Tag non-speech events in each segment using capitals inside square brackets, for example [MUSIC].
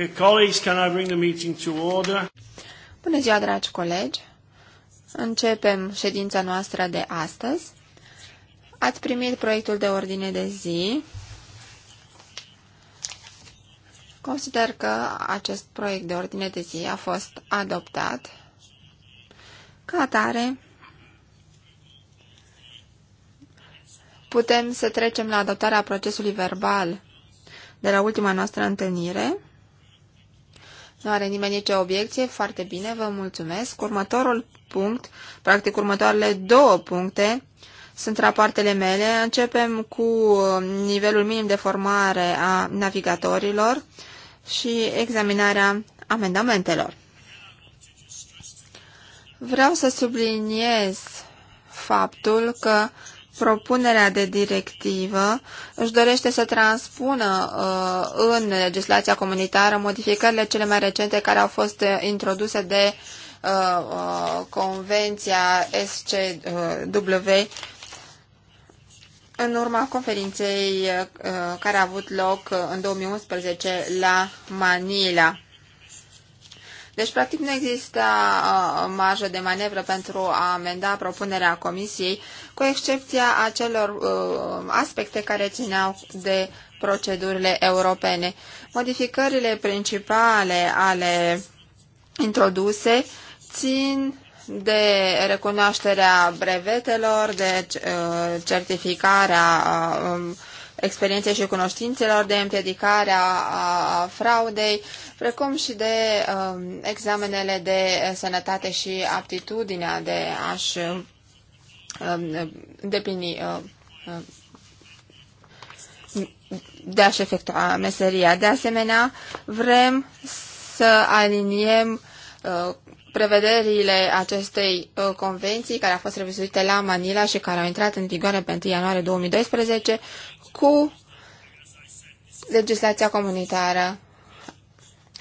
Okay, colleagues, can I bring the meeting to order? Bună ziua, dragi colegi! Începem ședința noastră de astăzi. Ați primit proiectul de ordine de zi. Consider că acest proiect de ordine de zi a fost adoptat. Ca atare, putem să trecem la adoptarea procesului verbal de la ultima noastră întâlnire. Nu are nimeni nicio obiecție? Foarte bine, vă mulțumesc. Următorul punct, practic următoarele două puncte, sunt rapoartele mele. Începem cu uh, nivelul minim de formare a navigatorilor și examinarea amendamentelor. Vreau să subliniez faptul că propunerea de directivă își dorește să transpună uh, în legislația comunitară modificările cele mai recente care au fost uh, introduse de uh, uh, Convenția SCW în urma conferinței uh, care a avut loc uh, în 2011 la Manila. Deci, practic, nu există uh, marjă de manevră pentru a amenda propunerea Comisiei, cu excepția acelor uh, aspecte care țineau de procedurile europene. Modificările principale ale introduse țin de recunoașterea brevetelor, de deci, certificarea experienței și cunoștințelor, de împiedicarea a fraudei, precum și de uh, examenele de sănătate și aptitudinea de a-și um, uh, uh, de a-și efectua meseria. De asemenea, vrem să aliniem uh, prevederile acestei uh, convenții, care a fost revizuite la Manila și care au intrat în vigoare pe 1 ianuarie 2012, cu legislația comunitară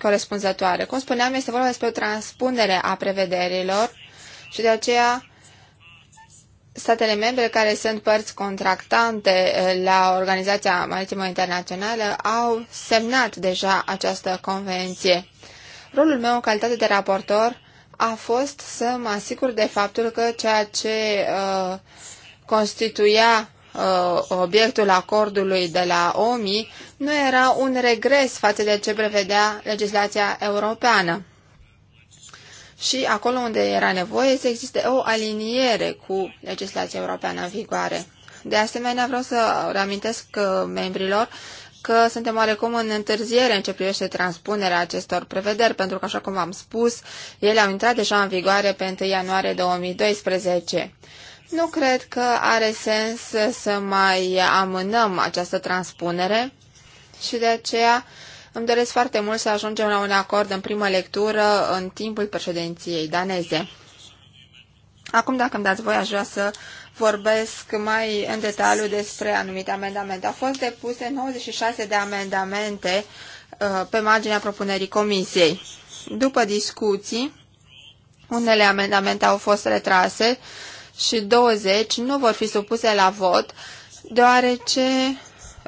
corespunzătoare. Cum spuneam, este vorba despre o transpunere a prevederilor și de aceea statele membre care sunt părți contractante uh, la Organizația Maritimă Internațională au semnat deja această convenție. Rolul meu în calitate de raportor a fost să mă asigur de faptul că ceea ce uh, constituia uh, obiectul acordului de la OMI nu era un regres față de ce prevedea legislația europeană. Și acolo unde era nevoie să existe o aliniere cu legislația europeană în vigoare. De asemenea, vreau să reamintesc uh, membrilor că suntem oarecum în întârziere în ce privește transpunerea acestor prevederi, pentru că, așa cum am spus, ele au intrat deja în vigoare pe 1 ianuarie 2012. Nu cred că are sens să mai amânăm această transpunere și de aceea îmi doresc foarte mult să ajungem la un acord în primă lectură în timpul președinției daneze. Acum, dacă îmi dați voi, aș vrea să vorbesc mai în detaliu despre anumite amendamente. Au fost depuse 96 de amendamente uh, pe marginea propunerii comisiei. După discuții, unele amendamente au fost retrase și 20 nu vor fi supuse la vot, deoarece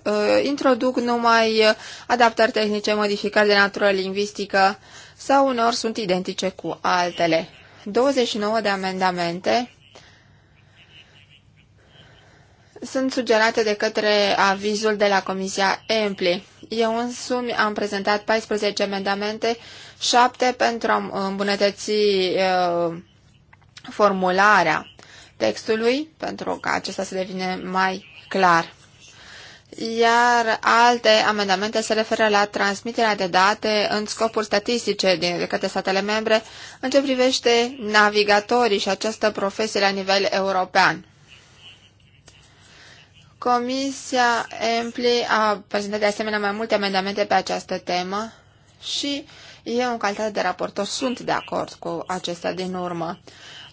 uh, introduc numai adaptări tehnice, modificări de natură lingvistică sau unor sunt identice cu altele. 29 de amendamente sunt sugerate de către avizul de la Comisia EMPLI. Eu însumi am prezentat 14 amendamente, 7 pentru a îmbunătăți formularea textului, pentru ca acesta să devine mai clar. Iar alte amendamente se referă la transmiterea de date în scopuri statistice din către statele membre în ce privește navigatorii și această profesie la nivel european. Comisia Empli a prezentat de asemenea mai multe amendamente pe această temă și eu, în calitate de raportor, sunt de acord cu acestea din urmă.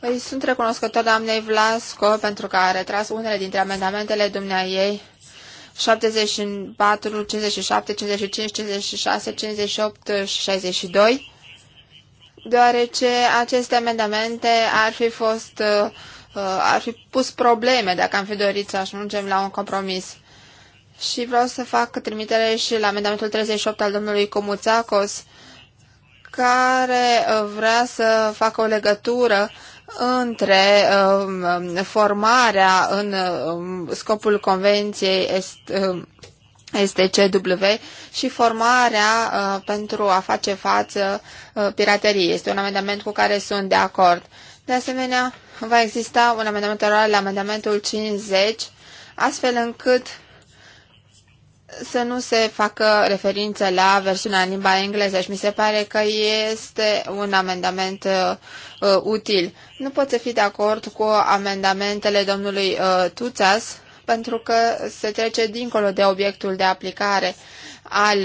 Îi sunt recunoscător doamnei Vlasco pentru că a retras unele dintre amendamentele dumneaei 74, 57, 55, 56, 58, 62, deoarece aceste amendamente ar fi fost uh, Uh, ar fi pus probleme dacă am fi dorit să ajungem la un compromis. Și vreau să fac trimitere și la amendamentul 38 al domnului Comuțacos, care uh, vrea să facă o legătură între um, formarea în um, scopul convenției est, um, STCW și formarea uh, pentru a face față uh, pirateriei. Este un amendament cu care sunt de acord. De asemenea, va exista un amendament oral la amendamentul 50, astfel încât să nu se facă referință la versiunea în limba engleză și mi se pare că este un amendament uh, uh util. Nu pot să fi de acord cu amendamentele domnului uh, Tuțas pentru că se trece dincolo de obiectul de aplicare al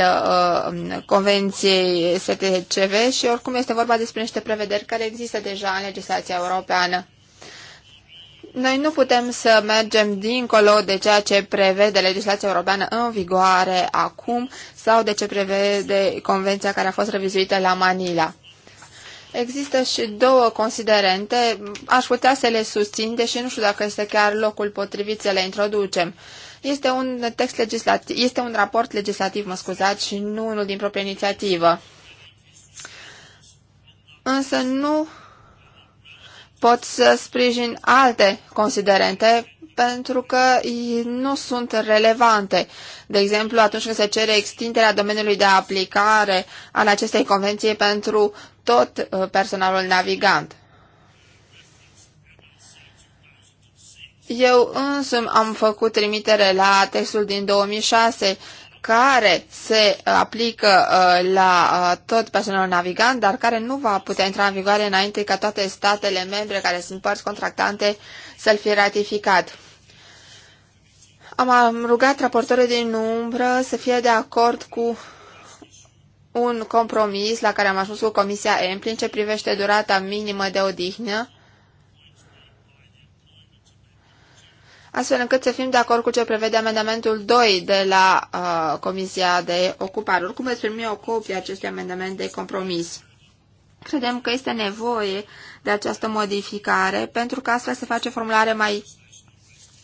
uh, Convenției STCV și oricum este vorba despre niște prevederi care există deja în legislația europeană. Noi nu putem să mergem dincolo de ceea ce prevede legislația europeană în vigoare acum sau de ce prevede convenția care a fost revizuită la Manila. Există și două considerente, aș putea să le susțin, deși nu știu dacă este chiar locul potrivit să le introducem. Uh, este un text legislativ, este un raport legislativ, mă scuzați, și nu unul din propria inițiativă. Însă nu pot să sprijin alte considerente pentru că nu sunt relevante. De exemplu, atunci când se cere extinderea domeniului de aplicare al acestei convenții pentru tot uh, personalul navigant. Eu însumi am făcut trimitere la textul din 2006 care se aplică uh, la uh, tot personalul navigant, dar care nu va putea intra în vigoare înainte ca toate statele membre care sunt părți contractante să-l fie ratificat. Am rugat raportorii din umbră să fie de acord cu un compromis la care am ajuns cu Comisia EMPLI în ce privește durata minimă de odihnă astfel încât să fim de acord cu ce prevede amendamentul 2 de la uh, Comisia de Ocupare. Oricum veți primi o copie acestui amendament de compromis. Credem că este nevoie de această modificare pentru că astfel se face formulare mai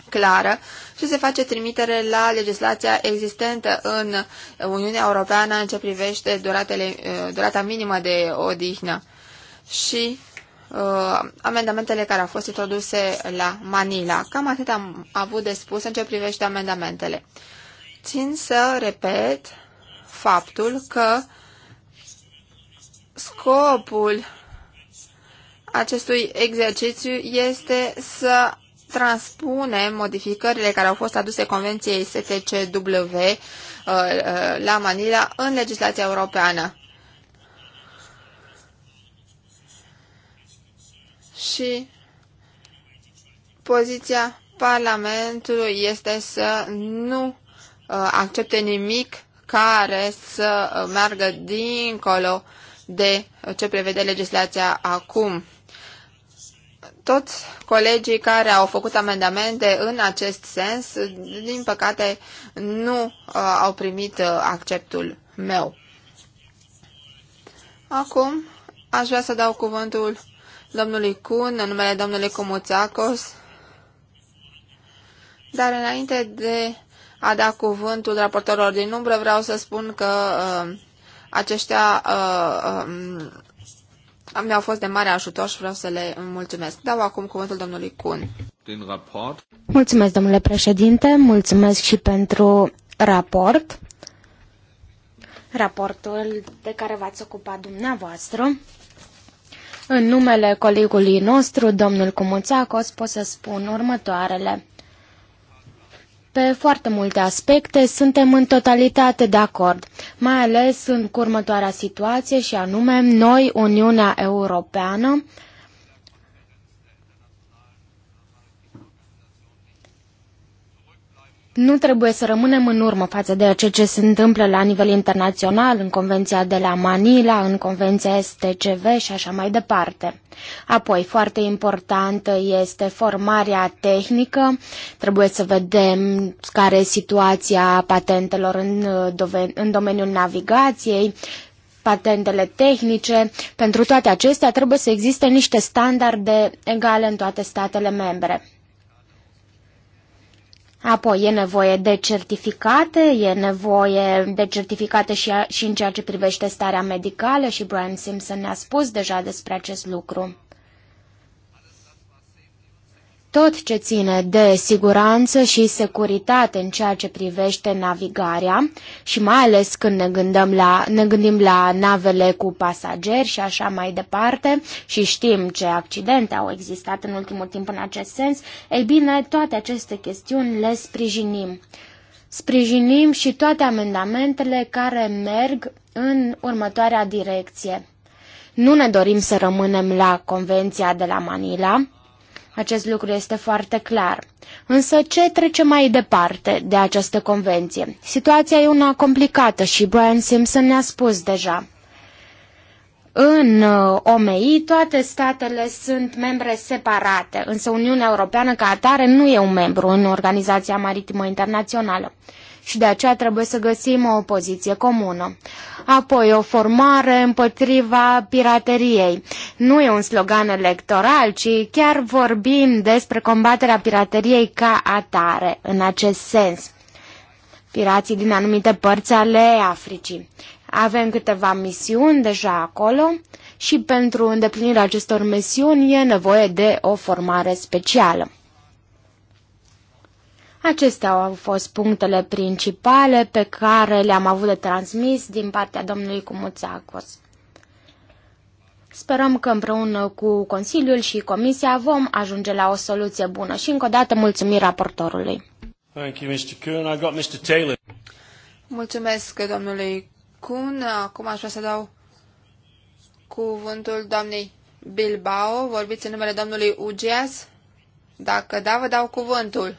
clară și se face trimitere la legislația existentă în Uniunea Europeană în ce privește duratele, uh, durata minimă de odihnă. Și uh, amendamentele care au fost introduse la Manila. Cam atât am avut de spus în ce privește amendamentele. Țin să repet faptul că scopul acestui exercițiu este să transpune modificările care au fost aduse Convenției STCW uh, uh, la Manila în legislația europeană. și poziția Parlamentului este să nu uh, accepte nimic care să uh, meargă dincolo de ce prevede legislația acum. Toți colegii care au făcut amendamente în acest sens, din păcate, nu uh, au primit uh, acceptul meu. Acum aș vrea să dau cuvântul domnului Kun, în numele domnului Comuțacos. Dar înainte de a da cuvântul raportorilor din umbră, vreau să spun că uh, aceștia uh, uh, mi-au fost de mare ajutor și vreau să le mulțumesc. Dau acum cuvântul domnului Kun. Din raport. Mulțumesc, domnule președinte, mulțumesc și pentru raport. Raportul de care v-ați ocupat dumneavoastră. În numele colegului nostru, domnul Cumuțacos, pot să spun următoarele. Pe foarte multe aspecte suntem în totalitate de acord, mai ales în următoarea situație și anume noi, Uniunea Europeană, Nu trebuie să rămânem în urmă față de ceea ce se întâmplă la nivel internațional, în Convenția de la Manila, în Convenția STCV și așa mai departe. Apoi, foarte importantă este formarea tehnică. Trebuie să vedem care e situația patentelor în, uh, în domeniul navigației, patentele tehnice. Pentru toate acestea trebuie să existe niște standarde egale în toate statele membre. Apoi e nevoie de certificate, e nevoie de certificate și, și în ceea ce privește starea medicală și Brian Simpson ne-a spus deja despre acest lucru. Tot ce ține de siguranță și securitate în ceea ce privește navigarea și mai ales când ne gândim la, ne gândim la navele cu pasageri și așa mai departe și știm ce accidente au existat în ultimul timp în acest sens, ei bine, toate aceste chestiuni le sprijinim. Sprijinim și toate amendamentele care merg în următoarea direcție. Nu ne dorim să rămânem la Convenția de la Manila, acest lucru este foarte clar. Însă ce trece mai departe de această convenție? Situația e una complicată și Brian Simpson ne-a spus deja. În uh, OMI toate statele sunt membre separate, însă Uniunea Europeană ca atare nu e un membru în Organizația Maritimă Internațională și de aceea trebuie să găsim o poziție comună. Apoi, o formare împotriva pirateriei. Nu e un slogan electoral, ci chiar vorbim despre combaterea pirateriei ca atare, în acest sens. Pirații din anumite părți ale Africii. Avem câteva misiuni deja acolo și pentru îndeplinirea acestor misiuni e nevoie de o formare specială. Acestea au fost punctele principale pe care le-am avut de transmis din partea domnului Cumuțacos. Sperăm că împreună cu Consiliul și Comisia vom ajunge la o soluție bună și încă o dată mulțumim raportorului. Thank you, Mr. Kuhn. I've got Mr. Taylor. Mulțumesc, domnului Kuhn. Acum aș vrea să dau cuvântul doamnei Bilbao. Vorbiți în numele domnului Ugeas? Dacă da, vă dau cuvântul.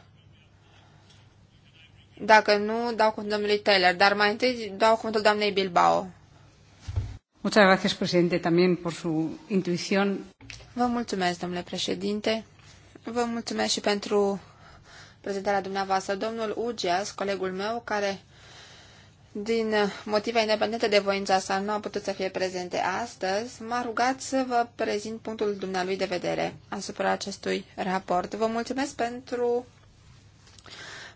Dacă nu, dau cuvântul domnului Taylor, dar mai întâi dau cuvântul doamnei Bilbao. Muchas gracias, presidente, también por su intuición. Vă mulțumesc, domnule președinte. Vă mulțumesc și pentru prezentarea dumneavoastră. Domnul Ugeas, colegul meu, care din motive independente de voința sa nu a putut să fie prezente astăzi, m-a rugat să vă prezint punctul dumnealui de vedere asupra acestui raport. Vă mulțumesc pentru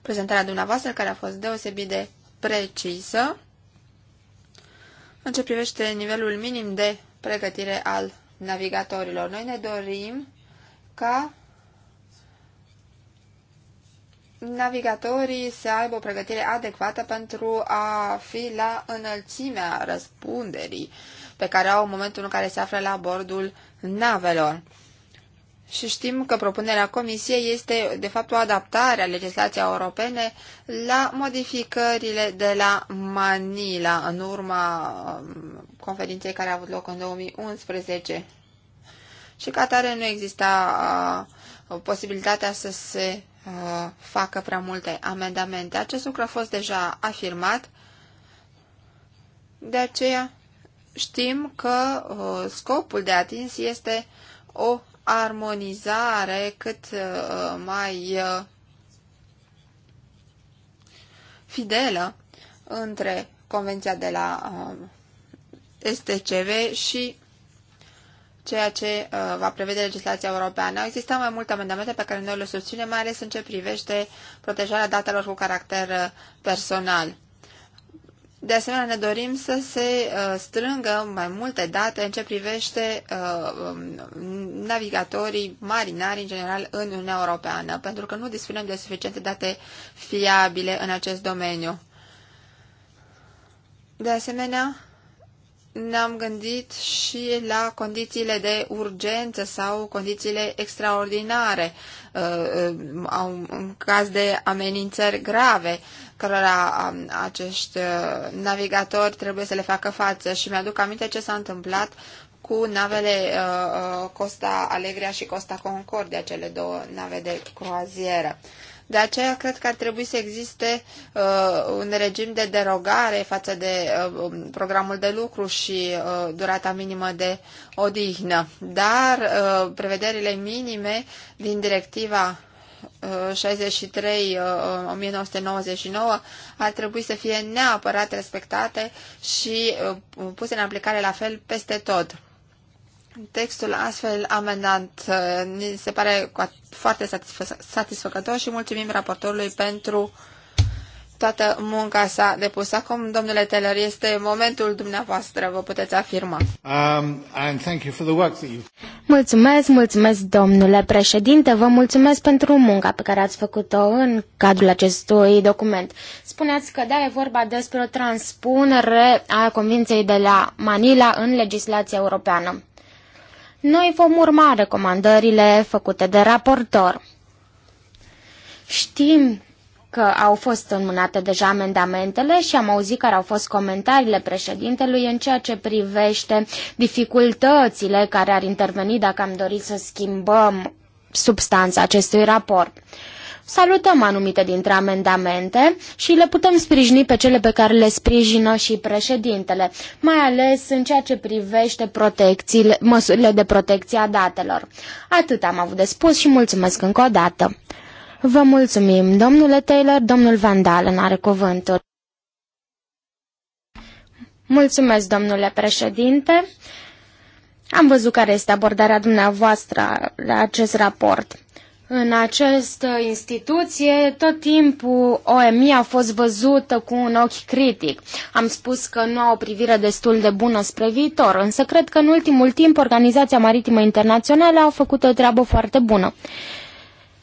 prezentarea dumneavoastră, care a fost deosebit de precisă în ce privește nivelul minim de pregătire al navigatorilor. Noi ne dorim ca navigatorii să aibă o pregătire adecvată pentru a fi la înălțimea răspunderii pe care au în momentul în care se află la bordul navelor și știm că propunerea Comisiei este, de fapt, o adaptare a legislației europene la modificările de la Manila în urma um, conferinței care a avut loc în 2011. Și ca tare nu exista uh, posibilitatea să se uh, facă prea multe amendamente. Acest lucru a fost deja afirmat, de aceea știm că uh, scopul de atins este o armonizare cât uh, mai uh, fidelă între Convenția de la uh, STCV și ceea ce va prevede legislația europeană. Există mai multe amendamente pe care noi le susținem, mai ales în ce privește protejarea datelor cu caracter personal. De asemenea, ne dorim să se uh, strângă mai multe date în ce privește uh, um, navigatorii, marinari în general în Uniunea Europeană, pentru că nu dispunem de suficiente date fiabile în acest domeniu. De asemenea, ne-am gândit și la condițiile de urgență sau condițiile extraordinare uh, uh, în caz de amenințări grave cărora um, acești uh, navigatori trebuie să le facă față și mi-aduc aminte ce s-a întâmplat cu navele Costa Alegria și Costa Concordia, cele două nave de croazieră. De aceea cred că ar trebui să existe uh, un regim de derogare față de uh, um, programul de lucru și uh, durata minimă de odihnă. Dar uh, prevederile minime din directiva 63 uh, 1999 uh, uh, ar trebui să fie neapărat respectate și puse în aplicare la fel peste tot. Textul astfel amendat uh, ni se pare foarte satisfăcător și mulțumim raportorului pentru toată munca sa depusă. Acum, domnule Teller, este momentul dumneavoastră, vă puteți afirma. Um, and thank you for the work that you... Mulțumesc, mulțumesc, domnule președinte, vă mulțumesc pentru munca pe care ați făcut-o în cadrul acestui document. Spuneați că da, e vorba despre o transpunere a convinței de la Manila în legislația europeană. Noi vom urma recomandările făcute de raportor. Știm că au fost înmânate deja amendamentele și am auzit care au fost comentariile președintelui în ceea ce privește dificultățile care ar interveni dacă am dorit să schimbăm substanța acestui raport. Salutăm anumite dintre amendamente și le putem sprijini pe cele pe care le sprijină și președintele, mai ales în ceea ce privește protecțiile, măsurile de protecție a datelor. Atât am avut de spus și mulțumesc încă o dată. Vă mulțumim, domnule Taylor, domnul Van Dalen are cuvântul. Mulțumesc, domnule președinte. Am văzut care este abordarea dumneavoastră la acest raport. În această instituție, tot timpul OMI a fost văzută cu un ochi critic. Am spus că nu au o privire destul de bună spre viitor, însă cred că în ultimul timp Organizația Maritimă Internațională a făcut o treabă foarte bună.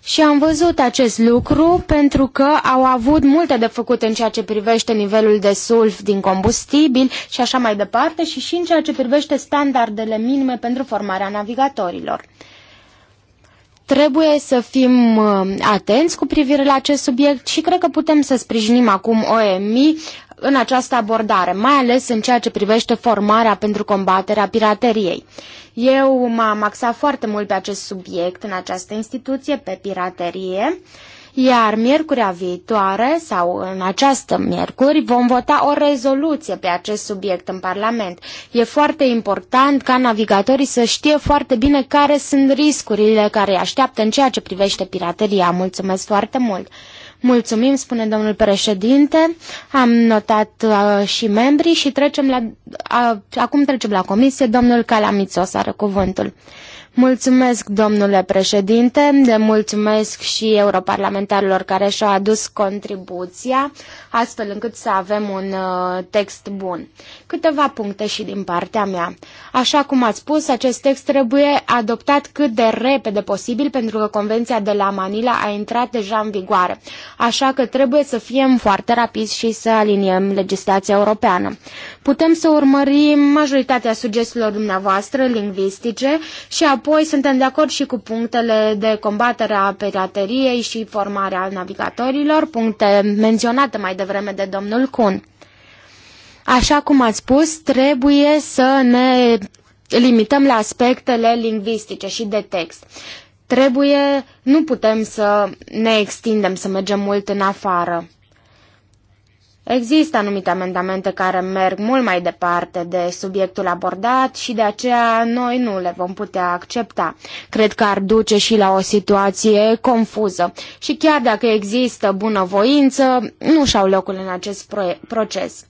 Și am văzut acest lucru pentru că au avut multe de făcut în ceea ce privește nivelul de sulf din combustibil și așa mai departe și și în ceea ce privește standardele minime pentru formarea navigatorilor. Trebuie să fim uh, atenți cu privire la acest subiect și cred că putem să sprijinim acum OMI în această abordare, mai ales în ceea ce privește formarea pentru combaterea pirateriei. Eu m-am axat foarte mult pe acest subiect în această instituție, pe piraterie iar miercurea viitoare sau în această miercuri vom vota o rezoluție pe acest subiect în Parlament. E foarte important ca navigatorii să știe foarte bine care sunt riscurile care îi așteaptă în ceea ce privește pirateria. Mulțumesc foarte mult! Mulțumim, spune domnul președinte. Am notat uh, și membrii și trecem la, uh, acum trecem la comisie. Domnul Calamițos are cuvântul. Mulțumesc, domnule președinte, de mulțumesc și europarlamentarilor care și-au adus contribuția, astfel încât să avem un uh, text bun. Câteva puncte și din partea mea. Așa cum ați spus, acest text trebuie adoptat cât de repede posibil, pentru că Convenția de la Manila a intrat deja în vigoare. Așa că trebuie să fim foarte rapizi și să aliniem legislația europeană. Putem să urmărim majoritatea sugestiilor dumneavoastră lingvistice și Apoi suntem de acord și cu punctele de combatere a pirateriei și formarea navigatorilor, puncte menționate mai devreme de domnul Kuhn. Așa cum ați spus, trebuie să ne limităm la aspectele lingvistice și de text. Trebuie, nu putem să ne extindem, să mergem mult în afară. Există anumite amendamente care merg mult mai departe de subiectul abordat și de aceea noi nu le vom putea accepta. Cred că ar duce și la o situație confuză și chiar dacă există bunăvoință, nu și-au locul în acest proces.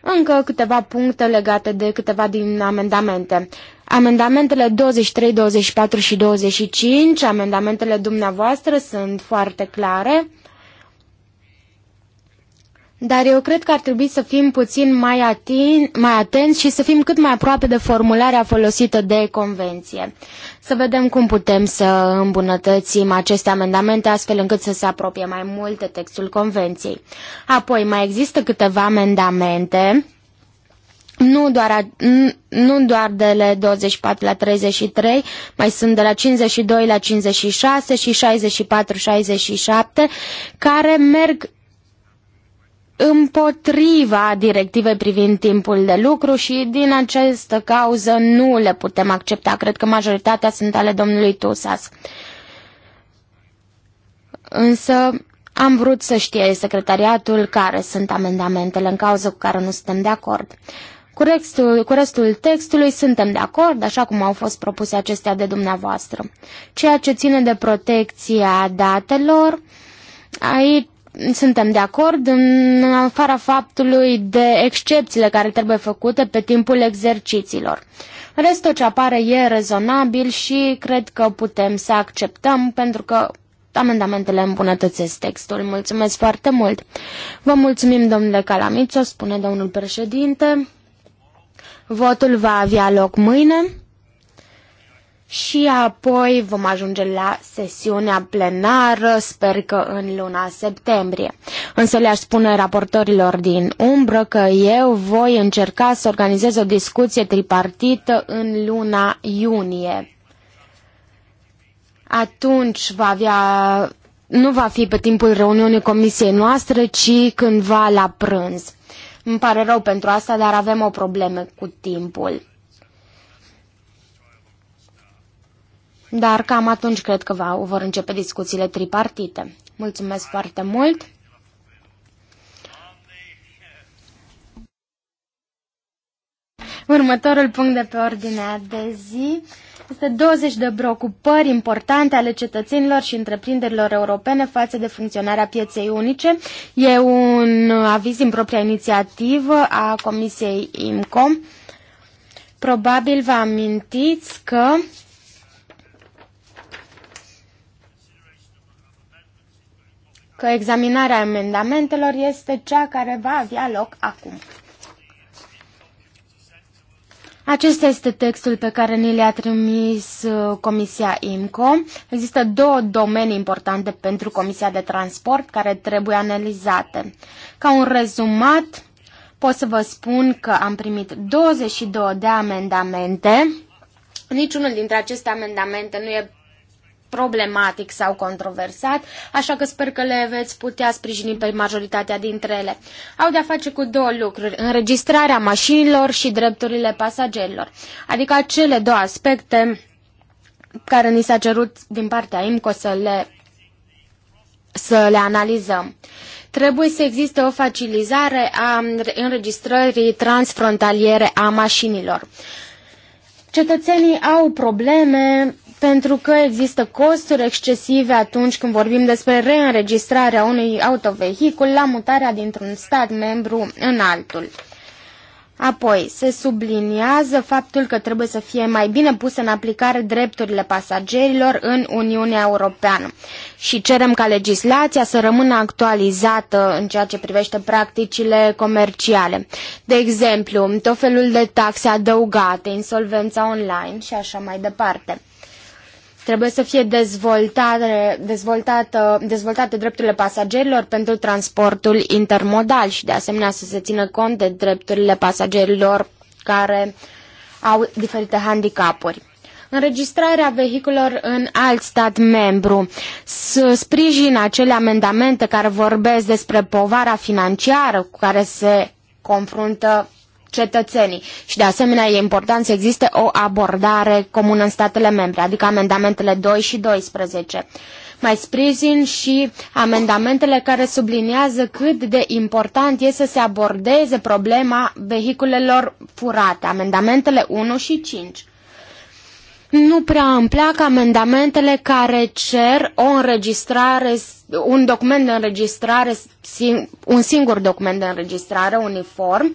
Încă câteva puncte legate de câteva din amendamente. Amendamentele 23, 24 și 25, amendamentele dumneavoastră sunt foarte clare. Dar eu cred că ar trebui să fim puțin mai, atin, mai atenți și să fim cât mai aproape de formularea folosită de convenție. Să vedem cum putem să îmbunătățim aceste amendamente astfel încât să se apropie mai mult de textul convenției. Apoi, mai există câteva amendamente nu doar, a, nu doar de la 24 la 33, mai sunt de la 52 la 56 și 64-67, care merg împotriva directivei privind timpul de lucru și din această cauză nu le putem accepta. Cred că majoritatea sunt ale domnului Tusas. Însă am vrut să știe secretariatul care sunt amendamentele în cauză cu care nu suntem de acord. Cu restul, cu restul textului suntem de acord, așa cum au fost propuse acestea de dumneavoastră. Ceea ce ține de protecția datelor, aici suntem de acord în afara faptului de excepțiile care trebuie făcute pe timpul exercițiilor. Restul ce apare e rezonabil și cred că putem să acceptăm pentru că amendamentele îmbunătățesc textul. Mulțumesc foarte mult! Vă mulțumim, domnule Calamițo, spune domnul președinte. Votul va avea loc mâine și apoi vom ajunge la sesiunea plenară, sper că în luna septembrie. Însă le-aș spune raportorilor din umbră că eu voi încerca să organizez o discuție tripartită în luna iunie. Atunci va avea, nu va fi pe timpul reuniunii comisiei noastre, ci cândva la prânz. Îmi pare rău pentru asta, dar avem o problemă cu timpul. dar cam atunci cred că va, vor începe discuțiile tripartite. Mulțumesc foarte mult! Următorul punct de pe ordinea de zi este 20 de preocupări importante ale cetățenilor și întreprinderilor europene față de funcționarea pieței unice. E un aviz din propria inițiativă a Comisiei IMCO. Probabil vă amintiți că că examinarea amendamentelor este cea care va avea loc acum. Acesta este textul pe care ni le-a trimis uh, Comisia IMCO. Există două domenii importante pentru Comisia de Transport care trebuie analizate. Ca un rezumat, pot să vă spun că am primit 22 de amendamente. Niciunul dintre aceste amendamente nu e problematic sau controversat, așa că sper că le veți putea sprijini pe majoritatea dintre ele. Au de-a face cu două lucruri, înregistrarea mașinilor și drepturile pasagerilor, adică cele două aspecte care ni s-a cerut din partea IMCO să le, să le analizăm. Trebuie să existe o facilizare a înregistrării transfrontaliere a mașinilor. Cetățenii au probleme pentru că există costuri excesive atunci când vorbim despre reînregistrarea unui autovehicul la mutarea dintr-un stat membru în altul. Apoi, se subliniază faptul că trebuie să fie mai bine puse în aplicare drepturile pasagerilor în Uniunea Europeană și cerem ca legislația să rămână actualizată în ceea ce privește practicile comerciale. De exemplu, tot felul de taxe adăugate, insolvența online și așa mai departe. Trebuie să fie dezvoltate, dezvoltate drepturile pasagerilor pentru transportul intermodal și de asemenea să se țină cont de drepturile pasagerilor care au diferite handicapuri înregistrarea vehiculor în alt stat membru. Să sprijin acele amendamente care vorbesc despre povara financiară cu care se confruntă cetățenii. Și de asemenea e important să existe o abordare comună în statele membre, adică amendamentele 2 și 12 mai sprijin și amendamentele care subliniază cât de important este să se abordeze problema vehiculelor furate, amendamentele 1 și 5 nu prea îmi plac amendamentele care cer o înregistrare, un document de înregistrare, un singur document de înregistrare uniform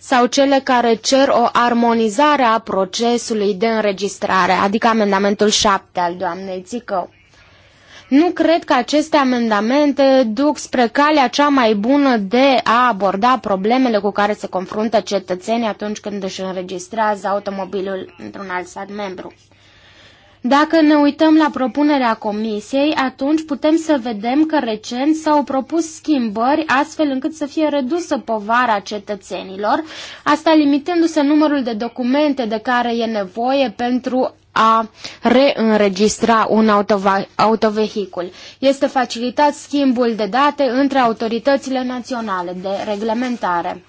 sau cele care cer o armonizare a procesului de înregistrare, adică amendamentul 7 al doamnei Țică. Nu cred că aceste amendamente duc spre calea cea mai bună de a aborda problemele cu care se confruntă cetățenii atunci când își înregistrează automobilul într-un alt stat membru. Dacă ne uităm la propunerea comisiei, atunci putem să vedem că recent s-au propus schimbări astfel încât să fie redusă povara cetățenilor, asta limitându-se numărul de documente de care e nevoie pentru a reînregistra un autovehicul. Este facilitat schimbul de date între autoritățile naționale de reglementare.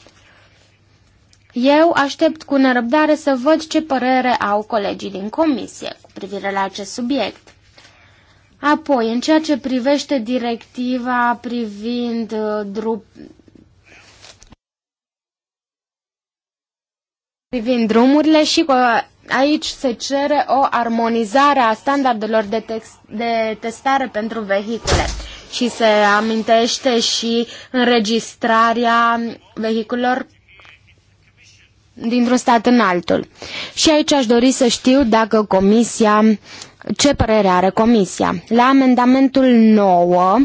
Eu aștept cu nerăbdare să văd ce părere au colegii din comisie privire la acest subiect. Apoi, în ceea ce privește directiva privind uh, drum privind drumurile și uh, aici se cere o armonizare a standardelor de, text, de testare pentru vehicule și se amintește și înregistrarea vehiculelor dintr-un stat în altul. Și aici aș dori să știu dacă comisia, ce părere are comisia. La amendamentul 9,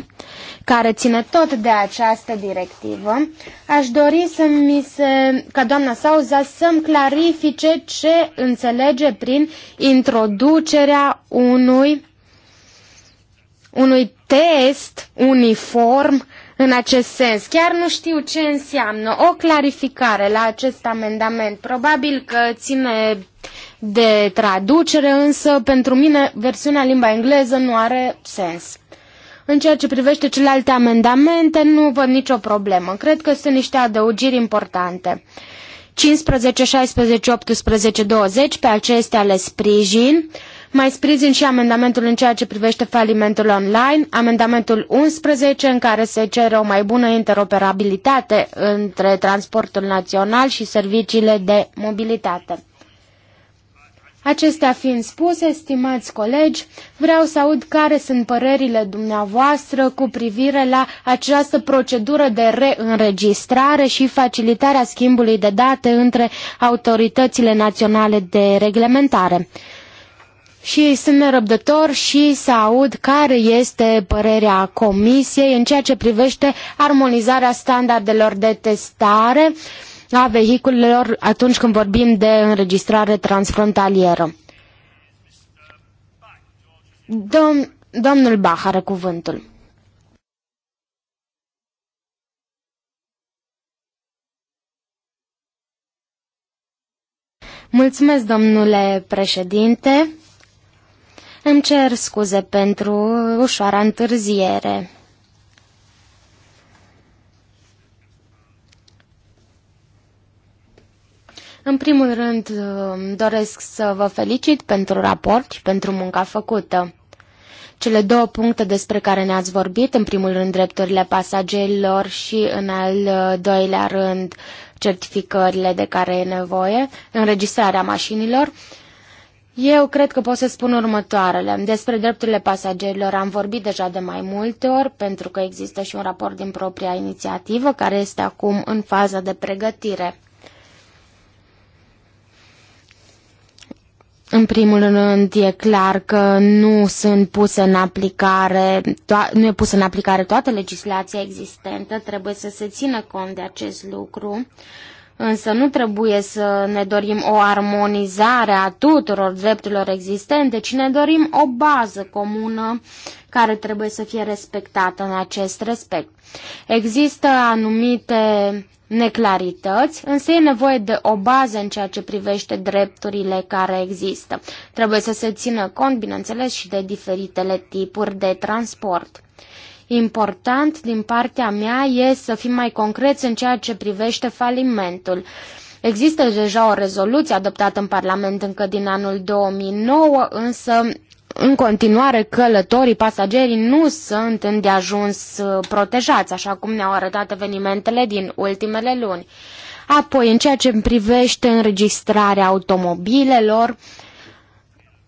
care ține tot de această directivă, aș dori să mi se, ca doamna Sauza să-mi clarifice ce înțelege prin introducerea unui, unui test uniform în acest sens. Chiar nu știu ce înseamnă o clarificare la acest amendament. Probabil că ține de traducere, însă pentru mine versiunea limba engleză nu are sens. În ceea ce privește celelalte amendamente, nu văd nicio problemă. Cred că sunt niște adăugiri importante. 15, 16, 18, 20, pe acestea le sprijin. Mai sprijin și amendamentul în ceea ce privește falimentul online, amendamentul 11 în care se cere o mai bună interoperabilitate între transportul național și serviciile de mobilitate. Acestea fiind spuse, stimați colegi, vreau să aud care sunt părerile dumneavoastră cu privire la această procedură de reînregistrare și facilitarea schimbului de date între autoritățile naționale de reglementare și sunt nerăbdător și să aud care este părerea Comisiei în ceea ce privește armonizarea standardelor de testare a vehiculelor atunci când vorbim de înregistrare transfrontalieră. Dom Domnul Bach are cuvântul. Mulțumesc, domnule președinte. Îmi cer scuze pentru ușoara întârziere. În primul rând, doresc să vă felicit pentru raport și pentru munca făcută. Cele două puncte despre care ne-ați vorbit, în primul rând drepturile pasagerilor și în al doilea rând certificările de care e nevoie, înregistrarea mașinilor, uh, eu cred că pot să spun următoarele. Despre drepturile pasagerilor am vorbit deja de mai multe ori, pentru că există și un raport din propria inițiativă, care este acum în faza de pregătire. În primul rând, e clar că nu sunt puse în aplicare, nu e pusă în aplicare toată legislația existentă, trebuie să se țină cont de acest lucru. Uh, Însă nu trebuie să ne dorim o armonizare a tuturor drepturilor existente, ci ne dorim o bază comună care trebuie să fie respectată în acest respect. Există anumite neclarități, însă e nevoie de o bază în ceea ce privește drepturile care există. Trebuie să se țină cont, bineînțeles, și de diferitele tipuri de transport. Important din partea mea e să fim mai concreți în ceea ce privește falimentul. Există deja o rezoluție adoptată în Parlament încă din anul 2009, însă în continuare călătorii, pasagerii nu sunt îndeajuns uh, protejați, așa cum ne-au arătat evenimentele din ultimele luni. Apoi, în ceea ce privește înregistrarea automobilelor, uh,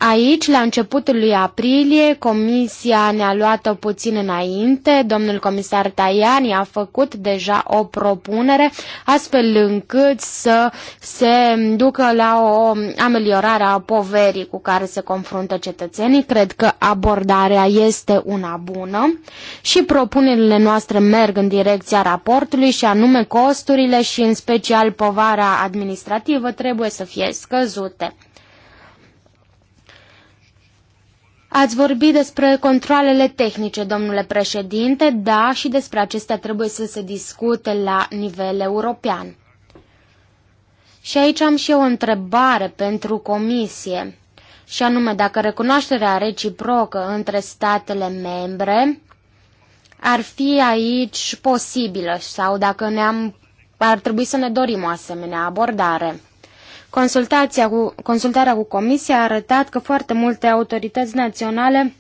Aici, la începutul lui aprilie, comisia ne-a luat-o puțin înainte, domnul comisar Tajani a făcut deja o propunere, astfel încât să se ducă la o ameliorare a poverii cu care se confruntă cetățenii. Cred că abordarea este una bună și propunerile noastre merg în direcția raportului și anume costurile și în special povara administrativă trebuie să fie scăzute. Ați vorbit despre controlele tehnice, domnule președinte, da, și despre acestea trebuie să se discute la nivel european. Și aici am și eu o întrebare pentru comisie, și anume dacă recunoașterea reciprocă între statele membre ar fi aici posibilă sau dacă ne-am, ar trebui să ne dorim o asemenea abordare. Consultația cu, consultarea cu Comisia a arătat că foarte multe autorități naționale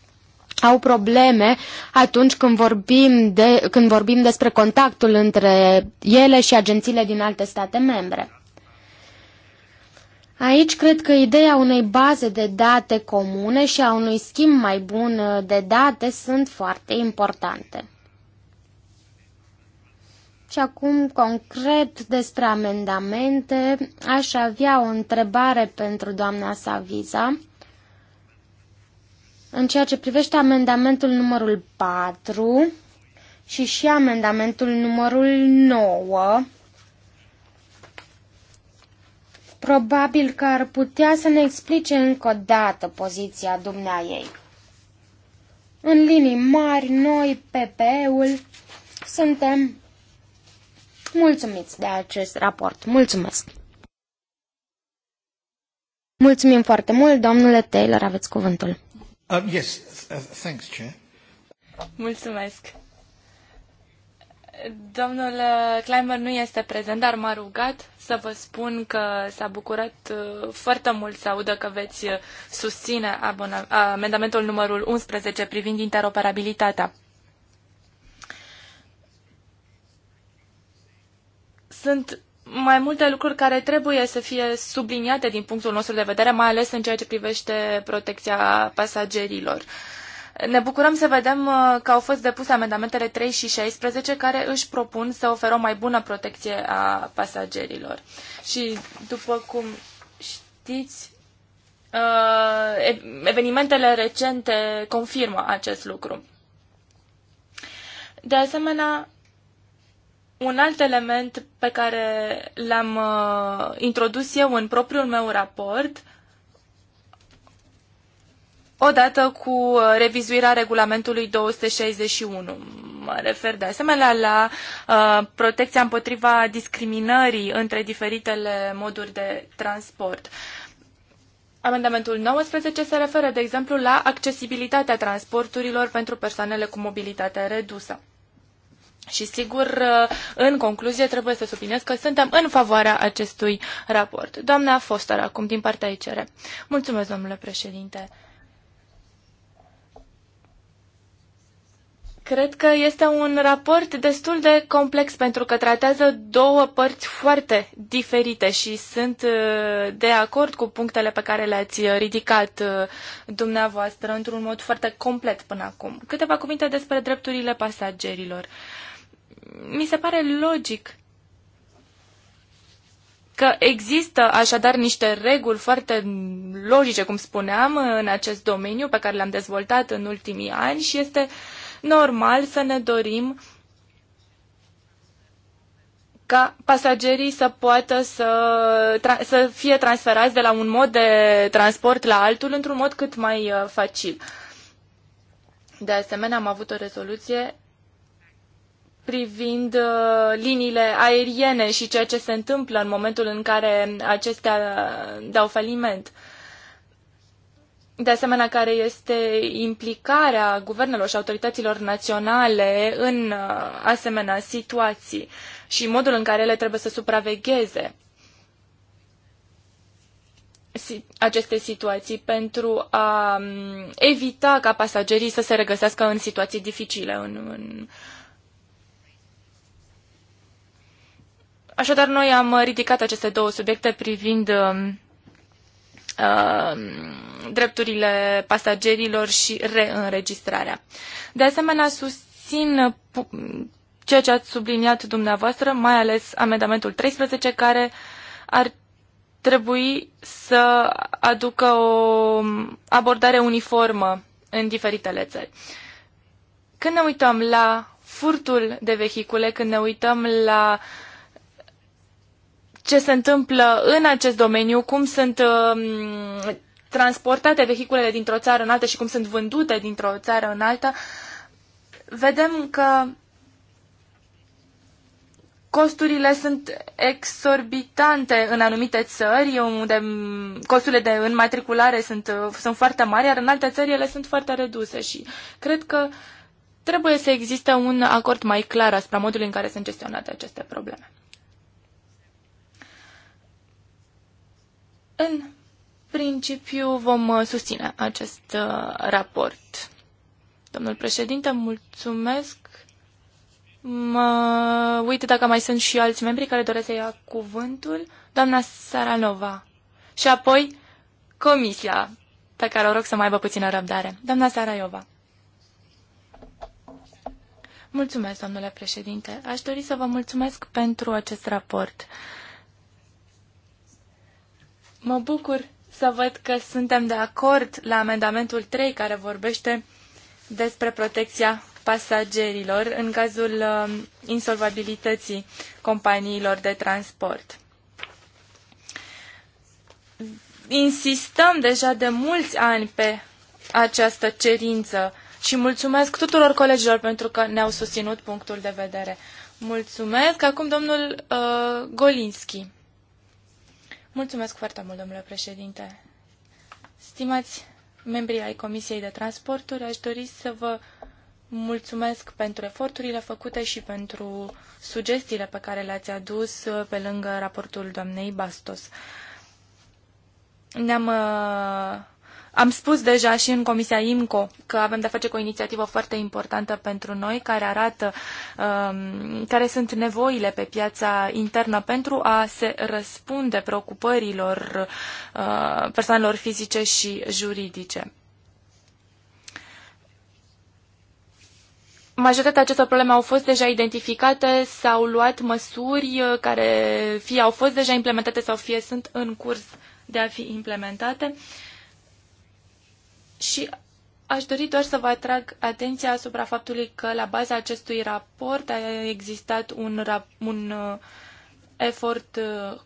au probleme atunci când vorbim, de, când vorbim despre contactul între ele și agențiile din alte state membre. Aici cred că ideea unei baze de date comune și a unui schimb mai bun de date sunt foarte importante. Și acum, concret, despre amendamente, aș avea o întrebare pentru doamna Saviza. În ceea ce privește amendamentul numărul 4 și și amendamentul numărul 9, probabil că ar putea să ne explice încă o dată poziția dumnea ei. În linii mari, noi, PPE-ul, suntem mulțumiți de acest raport. Mulțumesc! Mulțumim foarte mult, domnule Taylor, aveți cuvântul. Uh, yes, uh, thanks, Chair. Mulțumesc. Domnul uh, Climber nu este prezent, dar m-a rugat să vă spun că s-a bucurat uh, foarte mult să audă că veți susține amendamentul numărul 11 privind interoperabilitatea. Sunt mai multe lucruri care trebuie să fie subliniate din punctul nostru de vedere, mai ales în ceea ce privește protecția pasagerilor. Ne bucurăm să vedem uh, că au fost depuse amendamentele 3 și 16 care își propun să oferă o mai bună protecție a pasagerilor. Și după cum știți, uh, evenimentele recente confirmă acest lucru. De asemenea, un alt element pe care l-am uh, introdus eu în propriul meu raport, odată cu uh, revizuirea regulamentului 261. Mă refer de asemenea la uh, protecția împotriva discriminării între diferitele moduri de transport. Amendamentul 19 se referă, de exemplu, la accesibilitatea transporturilor pentru persoanele cu mobilitate redusă. Și sigur, uh, în concluzie, trebuie să subliniez că suntem în favoarea acestui raport. Doamna Foster, acum, din partea ICR. Mulțumesc, domnule președinte. Cred că este un raport destul de complex pentru că tratează două părți foarte diferite și sunt uh, de acord cu punctele pe care le-ați uh, ridicat dumneavoastră într-un mod foarte complet până acum. Câteva cuvinte despre drepturile pasagerilor. Uh, mi se pare logic că există așadar niște reguli foarte logice, cum spuneam, în acest domeniu pe care l am dezvoltat în ultimii ani și este normal să ne dorim ca pasagerii să poată să, să fie transferați de la un mod de transport la altul într-un mod cât mai uh, facil. De asemenea, am avut o rezoluție privind uh, liniile aeriene și ceea ce se întâmplă în momentul în care acestea uh, dau faliment. De asemenea, care este implicarea guvernelor și autorităților naționale în uh, asemenea situații și modul în care ele trebuie să supravegheze aceste situații pentru a um, evita ca pasagerii să se regăsească în situații dificile în, în Așadar, noi am ridicat aceste două subiecte privind uh, drepturile pasagerilor și reînregistrarea. De asemenea, susțin ceea ce ați subliniat dumneavoastră, mai ales amendamentul 13, care ar trebui să aducă o abordare uniformă în diferitele țări. Când ne uităm la furtul de vehicule, când ne uităm la uh, ce se întâmplă în acest domeniu, cum sunt um, transportate vehiculele dintr-o țară în alta și cum sunt vândute dintr-o țară în alta, vedem că costurile sunt exorbitante în anumite țări, unde costurile de înmatriculare sunt, sunt foarte mari, iar în alte țări ele sunt foarte reduse și cred că trebuie să existe un acord mai clar asupra modului în care sunt gestionate aceste probleme. În principiu vom uh, susține acest uh, raport. Domnul președinte, mulțumesc. Mă uit dacă mai sunt și alți membri care doresc să ia cuvântul. Doamna Saranova. Și apoi comisia, pe care o rog să mai aibă puțină răbdare. Doamna Saraiova. Mulțumesc, domnule președinte. Aș dori să vă mulțumesc pentru acest raport. Uh, Mă bucur să văd că suntem de acord la amendamentul 3 care vorbește despre protecția pasagerilor în cazul um, insolvabilității companiilor de transport. Insistăm deja de mulți ani pe această cerință și mulțumesc tuturor colegilor pentru că ne-au susținut punctul de vedere. Mulțumesc. Acum domnul uh, Golinski. Mulțumesc foarte mult, domnule președinte. Stimați membrii ai Comisiei de Transporturi, aș dori să vă mulțumesc pentru eforturile făcute și pentru sugestiile pe care le-ați adus uh, pe lângă raportul doamnei Bastos. Ne-am uh, am spus deja și în Comisia IMCO că avem de-a face cu o inițiativă foarte importantă pentru noi, care arată um, care sunt nevoile pe piața internă pentru a se răspunde preocupărilor uh, persoanelor fizice și juridice. Majoritatea acestor probleme au fost deja identificate, s-au luat măsuri uh, care fie au fost deja implementate sau fie sunt în curs de a fi implementate. Uh, și aș dori doar să vă atrag atenția asupra faptului că la baza acestui raport a existat un, un uh, efort uh,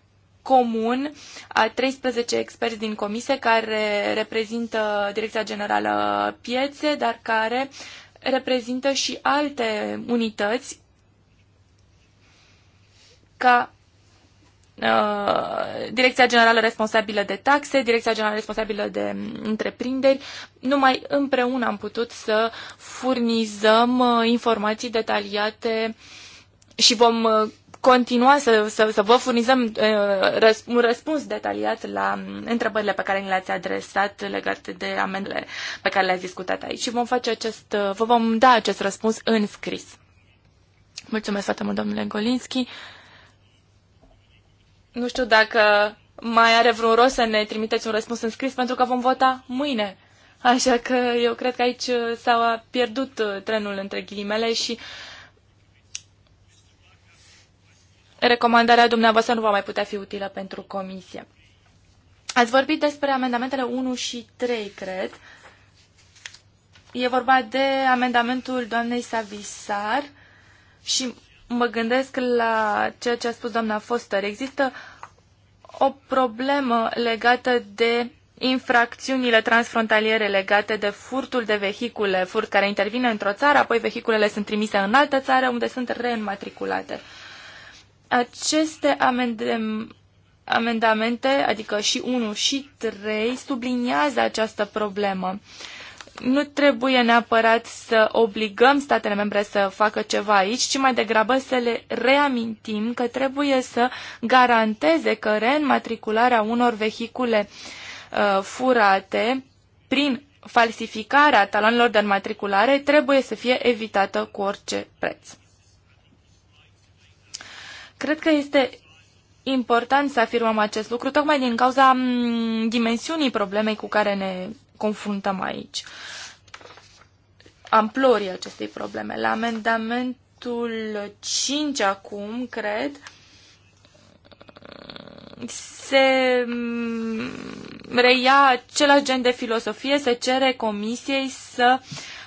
comun a 13 experți din comise care reprezintă Direcția Generală Piețe, dar care reprezintă și alte unități ca Uh, Direcția Generală Responsabilă de Taxe, Direcția Generală Responsabilă de Întreprinderi. Numai împreună am putut să furnizăm uh, informații detaliate și vom uh, continua să, să, să vă furnizăm un răspuns detaliat la mm, întrebările pe care ni le-ați adresat legate de amendele pe care le-ați discutat aici și vom face acest, vă vom da acest răspuns în scris. Mulțumesc foarte mult, domnule Golinski. Nu știu dacă mai are vreun rost să ne trimiteți un răspuns în scris, pentru că vom vota mâine. Așa că eu cred că aici uh, s-a pierdut uh, trenul între ghilimele și recomandarea dumneavoastră nu va mai putea fi utilă pentru comisie. Ați vorbit despre amendamentele 1 și 3, cred. E vorba de amendamentul doamnei Savisar și mă gândesc la ceea ce a spus doamna Foster. Există o problemă legată de infracțiunile transfrontaliere legate de furtul de vehicule, furt care intervine într-o țară, apoi vehiculele sunt trimise în altă țară unde sunt reînmatriculate. Aceste amendem, amendamente, adică și 1 și 3, subliniază această problemă. Uh, nu trebuie neapărat să obligăm statele membre să facă ceva aici, ci mai degrabă să le reamintim că trebuie să garanteze că reînmatricularea unor vehicule uh, furate prin falsificarea talonelor de înmatriculare trebuie să fie evitată cu orice preț. Cred că este important să afirmăm acest lucru, tocmai din cauza mm, dimensiunii problemei cu care ne confruntăm aici. Amplorii acestei probleme. La amendamentul 5 acum, cred, se mm, reia același gen de filosofie, se cere comisiei să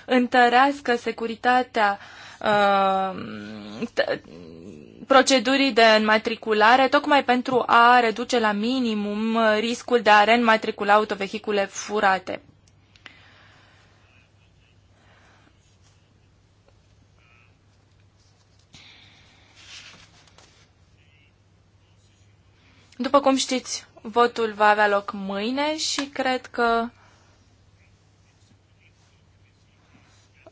întărească securitatea uh, procedurii de înmatriculare, tocmai pentru a reduce la minimum riscul de a reînmatricula autovehicule furate. După cum știți, votul va avea loc mâine și cred că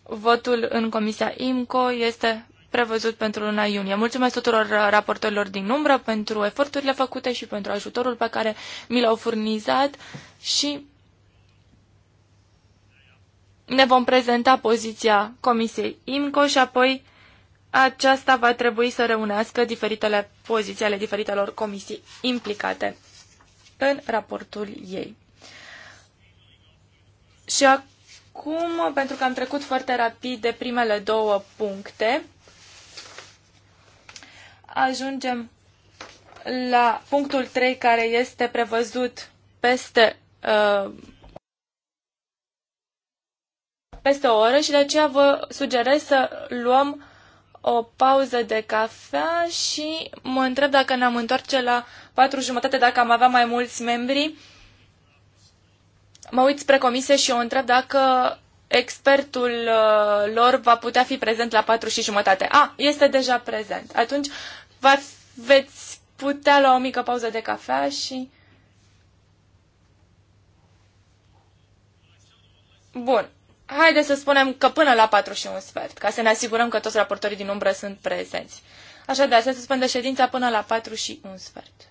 votul în Comisia IMCO este prevăzut pentru luna iunie. Mulțumesc tuturor uh, raportorilor din umbră pentru eforturile făcute și pentru ajutorul pe care mi l-au furnizat și ne vom prezenta poziția Comisiei IMCO și apoi aceasta va trebui să reunească diferitele poziții ale diferitelor comisii implicate în raportul ei. Și acum, pentru că am trecut foarte rapid de primele două puncte, ajungem la punctul 3 care este prevăzut peste, uh, peste o oră și de aceea vă sugerez să luăm o pauză de cafea și mă întreb dacă ne-am întoarce la patru jumătate, dacă am avea mai mulți membri. Mă uit spre comisie și o întreb dacă expertul uh, lor va putea fi prezent la patru și jumătate. A, ah, este deja prezent. Atunci va, veți putea lua o mică pauză de cafea și... Bun. Haideți să spunem că până la 4 și un sfert, ca să ne asigurăm că toți raportorii din umbră sunt prezenți. Așadar, se suspendă ședința până la 4 și un sfert.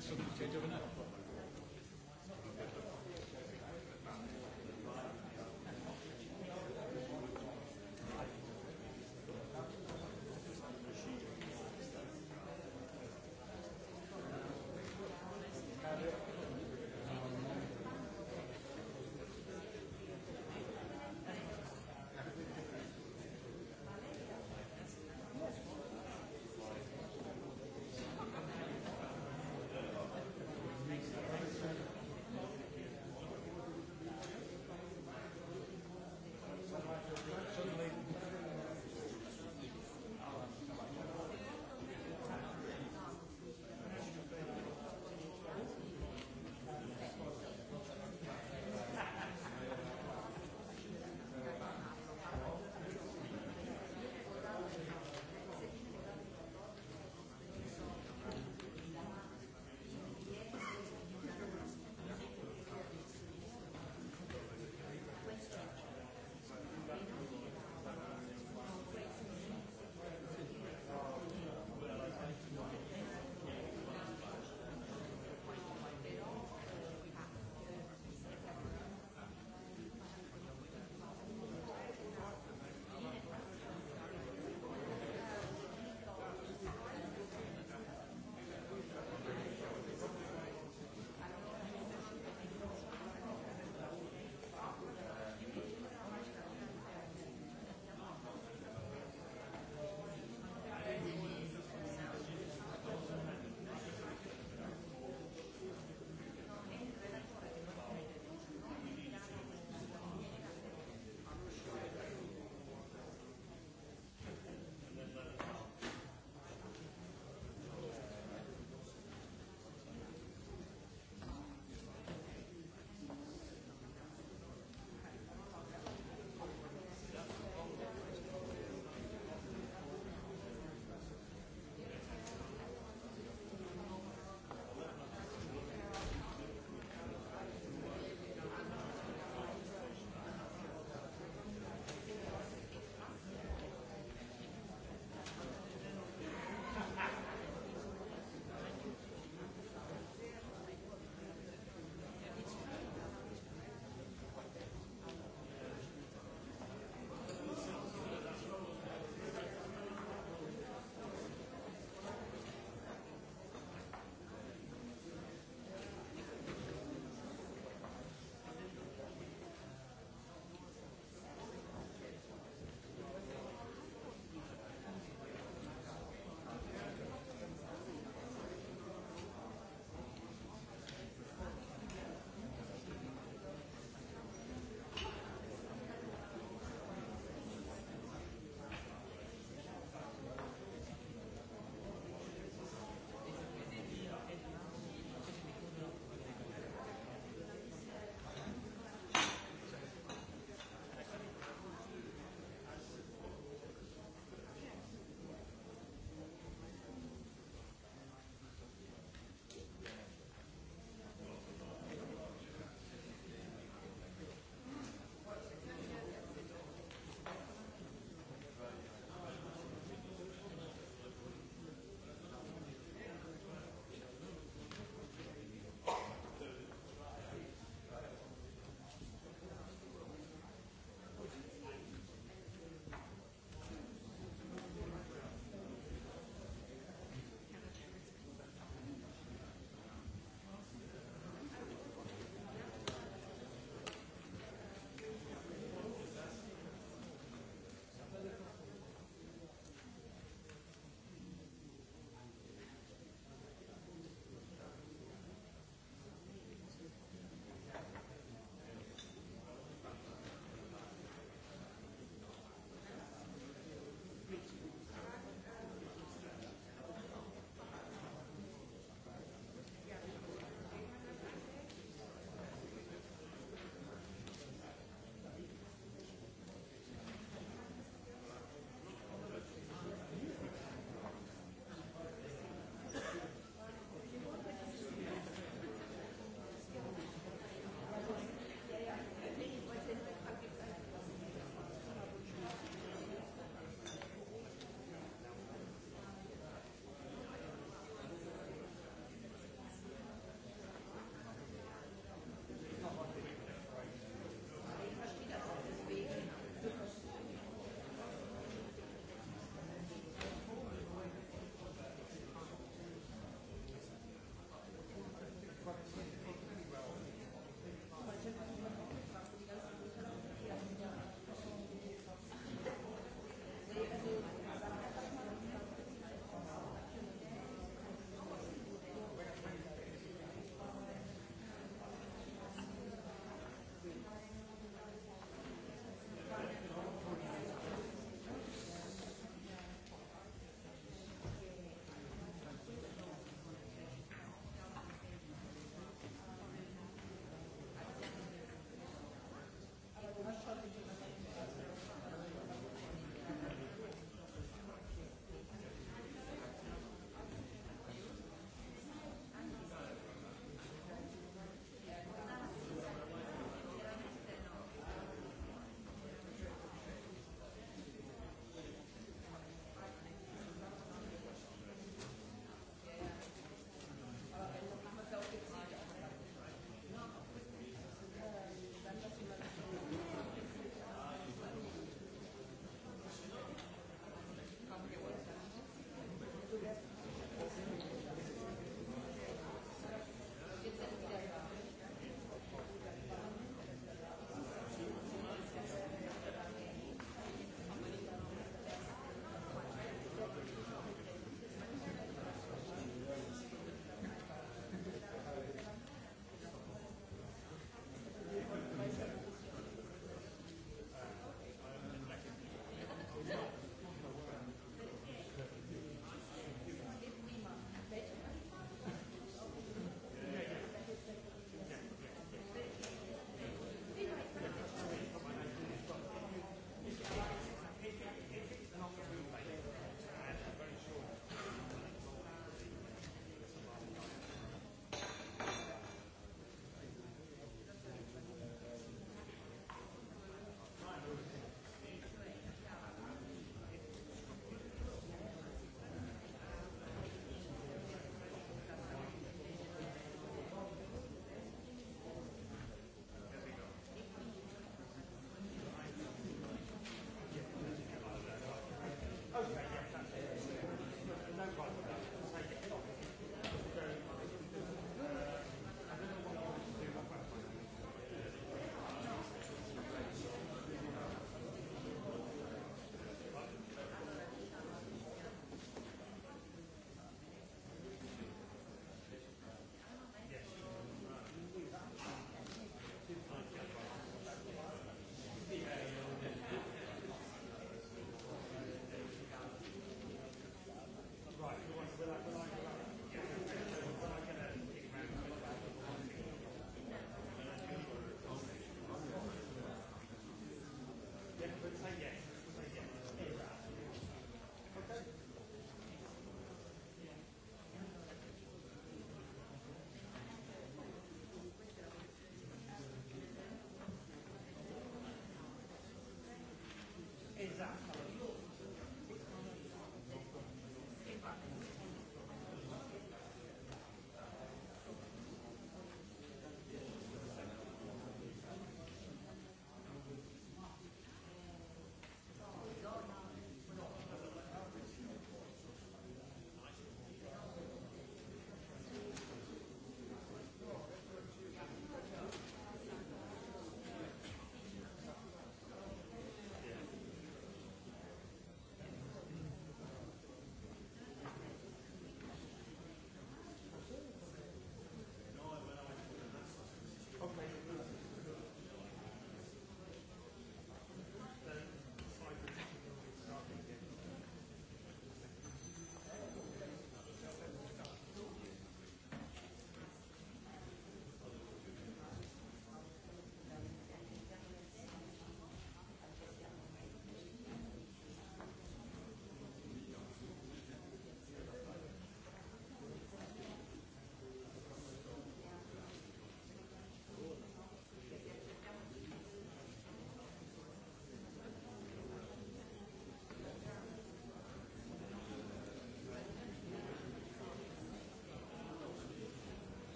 Lorenzo, tu sei giovanato.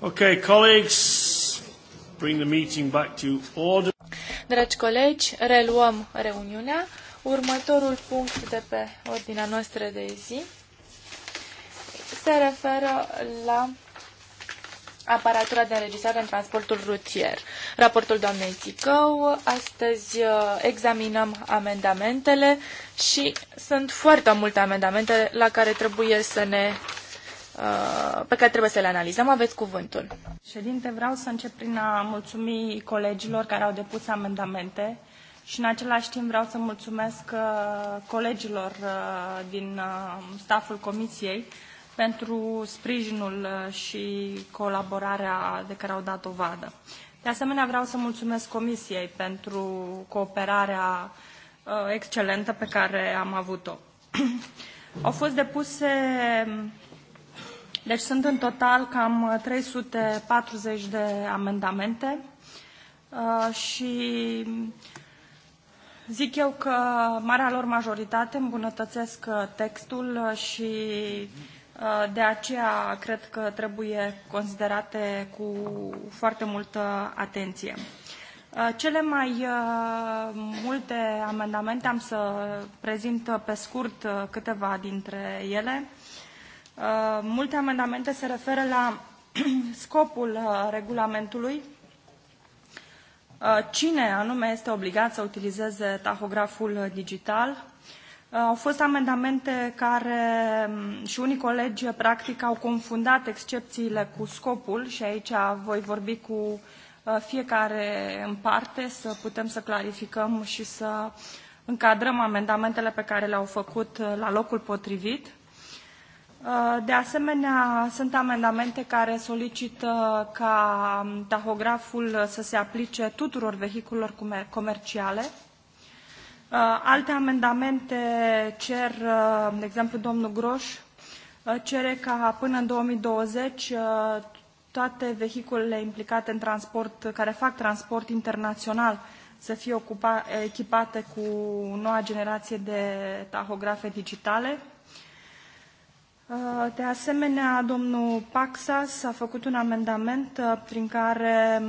Okay, colleagues, bring the meeting back to order. Dragi colegi, reluăm reuniunea. Următorul punct de pe ordinea noastră de zi se referă la aparatura de înregistrare în transportul rutier. Raportul doamnei Țicău, astăzi uh, examinăm amendamentele și sunt foarte multe amendamente la care trebuie să ne Uh, pe care trebuie să le analizăm. Aveți cuvântul. Ședinte, vreau să încep prin a mulțumi colegilor care au depus amendamente și în același timp vreau să mulțumesc uh, colegilor uh, din staful comisiei pentru sprijinul și colaborarea de care au dat dovadă. De asemenea, vreau să mulțumesc comisiei pentru cooperarea excelentă pe care am avut-o. [CLEARS THROAT] Au fost depuse deci sunt în total cam 340 uh, de amendamente uh, și zic eu că marea lor majoritate îmbunătățesc uh, textul și de aceea cred că trebuie considerate cu foarte multă atenție. Cele mai multe amendamente am să prezint pe scurt câteva dintre ele. Uh, multe amendamente se referă la [CLEARS THROAT] scopul uh, regulamentului, uh, cine anume este obligat să utilizeze tahograful digital. Au fost amendamente care um, și unii colegi practic au confundat excepțiile cu scopul și aici voi vorbi cu fiecare în parte să putem să clarificăm și să încadrăm amendamentele pe care le-au făcut la locul potrivit. Uh, de asemenea, sunt amendamente care solicită ca um, tahograful să se aplice tuturor vehiculelor comerciale. Uh, alte amendamente cer, uh, de exemplu, domnul Groș cere ca până în 2020 toate vehiculele implicate în transport, care fac transport internațional, să fie ocupa, echipate cu noua generație de tahografe digitale. Uh, de asemenea, domnul Paxas a făcut un amendament uh, prin care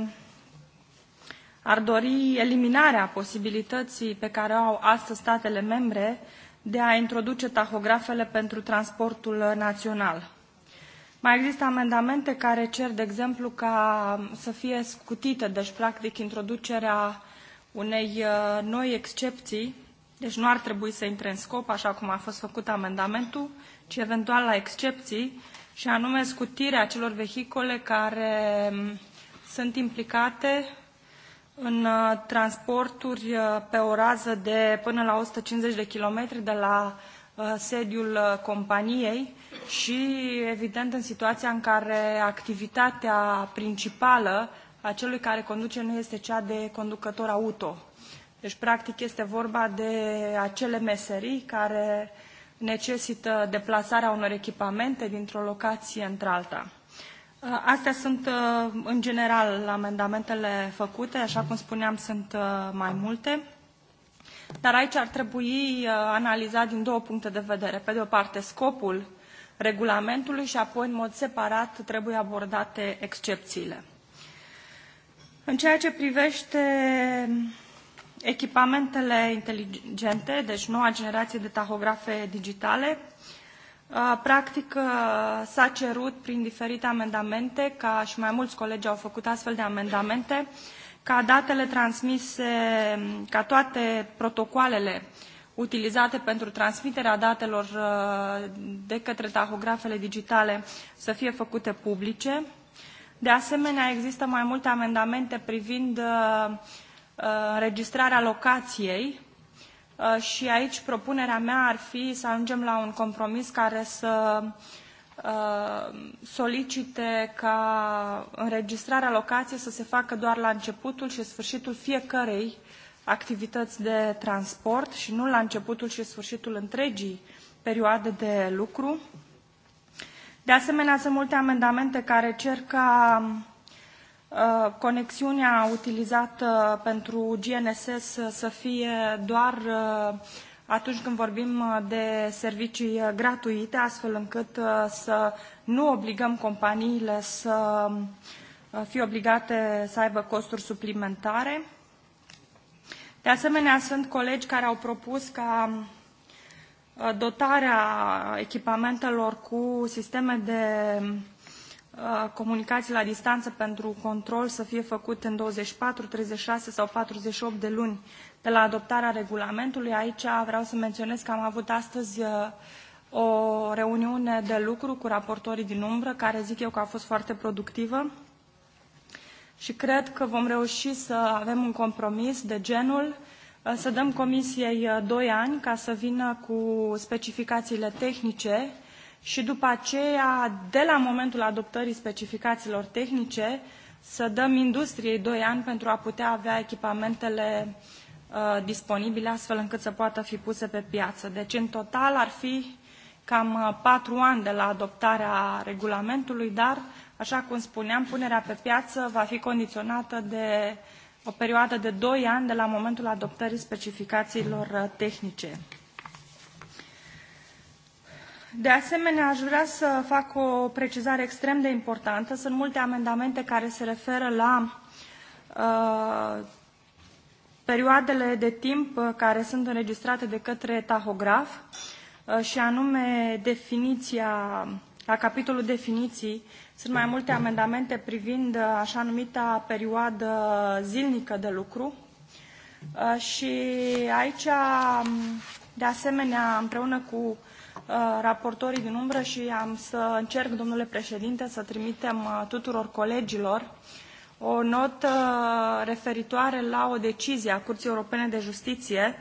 ar dori eliminarea posibilității pe care o au astăzi statele membre de a introduce tahografele pentru transportul uh, național. Mai există amendamente care cer, de exemplu, ca um, să fie scutită, deci practic introducerea unei noi excepții, deci nu ar trebui să intre în scop, așa cum a fost făcut amendamentul, ci eventual la excepții, și anume scutirea celor vehicole care mm, sunt implicate în uh, transporturi uh, pe o rază de până la 150 de kilometri de la uh, sediul companiei și, evident, în situația în care activitatea principală a celui care conduce nu este cea de conducător auto. Deci, practic, este vorba de acele meserii care necesită deplasarea unor echipamente dintr-o locație într-alta. Uh, astea sunt, uh, în general, amendamentele făcute, așa cum spuneam, sunt uh, mai multe, dar aici ar trebui analizat din două puncte de vedere. Pe de o parte, scopul regulamentului și apoi, în mod separat, trebuie abordate excepțiile. În ceea ce privește echipamentele inteligente, deci noua generație de tahografe digitale. Practic s-a cerut prin diferite amendamente, ca și mai mulți colegi au făcut astfel de amendamente, ca datele transmise, ca toate protocoalele utilizate pentru transmiterea datelor de către tahografele digitale să fie făcute publice. De asemenea, există mai multe amendamente privind uh, Uh, înregistrarea locației uh, și aici propunerea mea ar fi să ajungem la un compromis care să uh, solicite ca înregistrarea locației să se facă doar la începutul și sfârșitul fiecărei activități de transport și nu la începutul și sfârșitul întregii perioade de lucru. De asemenea, sunt multe amendamente care cer ca Uh, conexiunea utilizată pentru GNSS să fie doar uh, atunci când vorbim uh, de servicii gratuite, astfel încât să nu obligăm companiile să fie obligate să aibă costuri suplimentare. De asemenea, sunt colegi care au propus ca dotarea echipamentelor cu sisteme de Uh, comunicații la distanță pentru control să fie făcut în 24, 36 sau 48 de luni de la adoptarea regulamentului. Aici vreau să menționez că am avut astăzi uh, o reuniune de lucru cu raportorii din umbră, care zic eu că a fost foarte productivă și cred că vom reuși să avem un compromis de genul uh, să dăm Comisiei doi ani ca să vină cu specificațiile tehnice și după aceea, de la momentul adoptării specificațiilor tehnice, să dăm industriei doi ani pentru a putea avea echipamentele uh, disponibile, astfel încât să poată fi puse pe piață. Deci, în total, ar fi cam uh, patru ani de la adoptarea regulamentului, dar, așa cum spuneam, punerea pe piață va fi condiționată de o perioadă de doi ani de la momentul adoptării specificațiilor uh, tehnice. De asemenea, aș vrea să fac o precizare extrem de importantă. Sunt multe amendamente care se referă la uh, perioadele de timp uh, care sunt înregistrate de către tahograf uh, și anume definiția, la capitolul definiții, sunt mai multe amendamente privind așa numita perioadă zilnică de lucru. Și aici, um, de asemenea, împreună cu Uh, raportorii din umbră și am să încerc, domnule președinte, să trimitem uh, tuturor colegilor o notă referitoare la o decizie a Curții Europene de Justiție,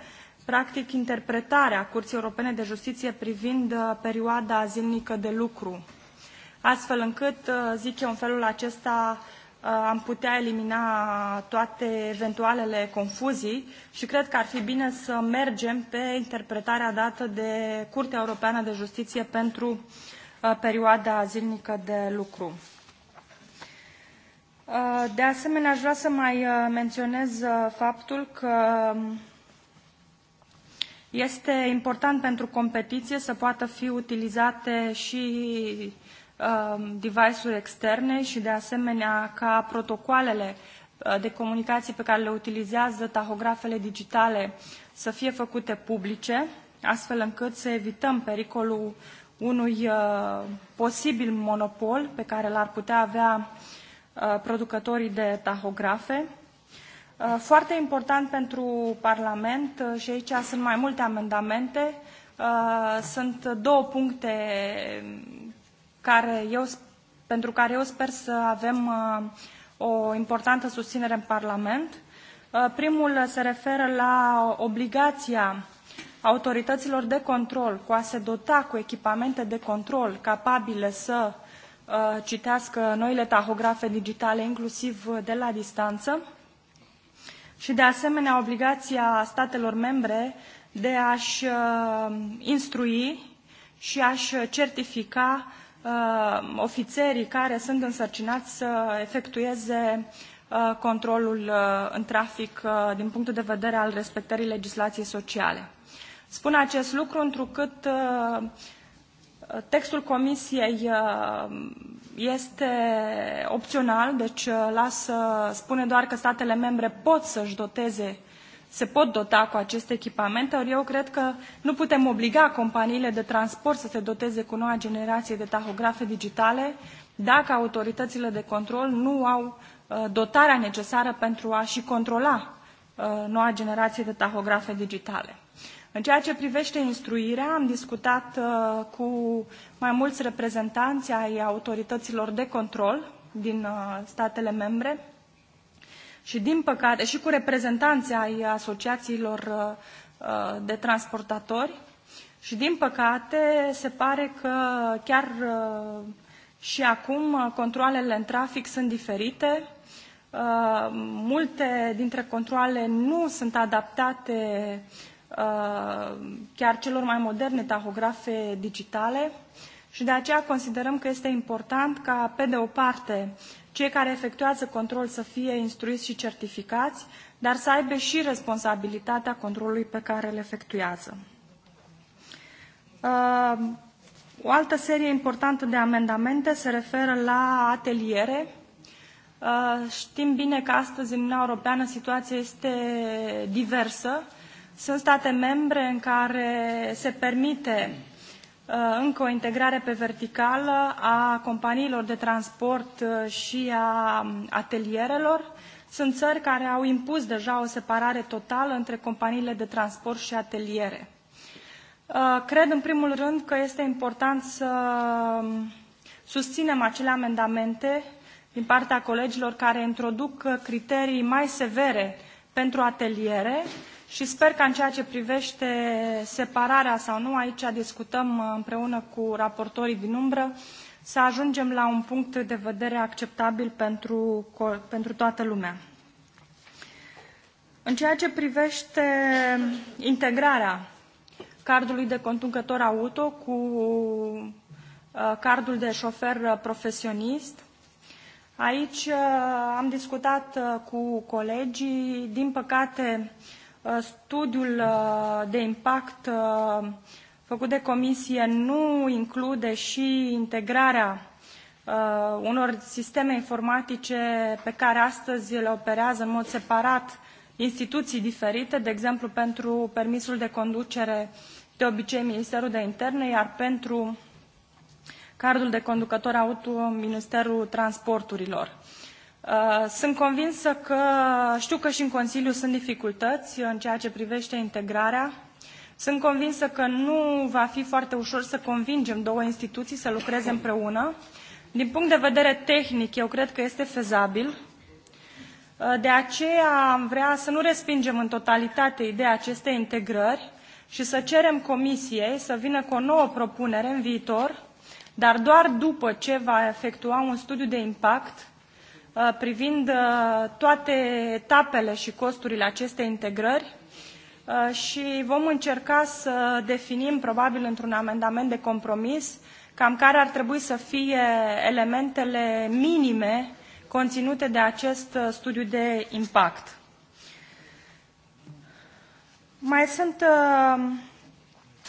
practic interpretarea Curții Europene de Justiție privind uh, perioada zilnică de lucru, astfel încât, zic eu în felul acesta, Uh, am putea elimina toate eventualele confuzii și cred că ar fi bine să mergem pe interpretarea dată de Curtea Europeană de Justiție pentru uh, perioada zilnică de lucru. Uh, de asemenea, aș vrea să mai menționez faptul că um, este important pentru competiție să poată fi utilizate și Um, device-uri externe și de asemenea ca protocoalele uh, de comunicații pe care le utilizează tahografele digitale să fie făcute publice, astfel încât să evităm pericolul unui uh, posibil monopol pe care l-ar putea avea uh, producătorii de tahografe. Foarte important pentru Parlament, și aici sunt mai multe amendamente, sunt două puncte care eu, pentru care eu sper să avem uh, o importantă susținere în Parlament. Uh, primul se referă la obligația autorităților de control cu a se dota cu echipamente de control capabile să uh, citească noile tahografe digitale, inclusiv de la distanță, și de asemenea obligația statelor membre de a-și instrui și a-și certifica Uh, ofițerii care sunt însărcinați să efectueze uh, controlul uh, în trafic din punctul de vedere al respectării legislației sociale. Spun acest lucru întrucât textul comisiei este opțional, deci lasă, spune doar că statele membre pot să-și doteze se pot dota cu aceste echipamente, ori eu cred că nu putem obliga companiile de transport să se doteze cu noua generație de tahografe digitale dacă autoritățile de control nu au uh, dotarea necesară pentru a și controla uh, noua generație de tahografe digitale. În ceea ce privește instruirea, am discutat uh, cu mai mulți reprezentanți ai autorităților de control din statele membre, și, din păcate, și cu reprezentanții ai asociațiilor uh, uh, de transportatori. Și, din păcate, se pare că chiar uh, și acum controlele în trafic sunt diferite. Multe dintre controle nu sunt adaptate chiar celor mai moderne tahografe digitale. Uh, și de aceea considerăm că este important ca, pe de o parte, cei care efectuează control să fie instruiți și certificați, dar să aibă și responsabilitatea controlului pe care îl efectuează. Uh, o altă serie importantă de amendamente se referă la ateliere. Uh, știm bine că astăzi în Uniunea Europeană situația este diversă. Sunt state membre în care se permite Uh, încă o integrare pe verticală a companiilor de transport uh, și a um, atelierelor. Sunt țări care au impus deja o separare totală între companiile de transport și ateliere. Uh, cred, în primul rând, că este important să um, susținem acele amendamente din partea colegilor care introduc criterii mai severe pentru ateliere, și sper că în ceea ce privește separarea sau nu, aici discutăm uh, împreună cu raportorii din umbră, să ajungem la un punct de vedere acceptabil pentru, pentru toată lumea. În ceea ce privește integrarea cardului de conducător auto cu uh, cardul de șofer uh, profesionist, aici am discutat cu colegii, din păcate Uh, studiul uh, de impact uh, făcut de comisie nu include și integrarea unor sisteme informatice pe care astăzi le operează în mod separat instituții diferite, de exemplu pentru permisul de conducere de obicei Ministerul de Interne, iar pentru cardul de conducător auto Ministerul Transporturilor. Uh, sunt convinsă că știu că și în Consiliu sunt dificultăți în ceea ce privește integrarea. Sunt convinsă că nu va fi foarte ușor să convingem două instituții să lucreze împreună. Din punct de vedere tehnic, eu cred că este fezabil. Uh, de aceea am vrea să nu respingem în totalitate ideea acestei integrări și să cerem Comisiei să vină cu o nouă propunere în viitor, dar doar după ce va efectua un studiu de impact Uh, privind uh, toate etapele și costurile acestei integrări uh, și vom încerca să definim, probabil într-un amendament de compromis, cam care ar trebui să fie elementele minime conținute de acest studiu de impact. Mai sunt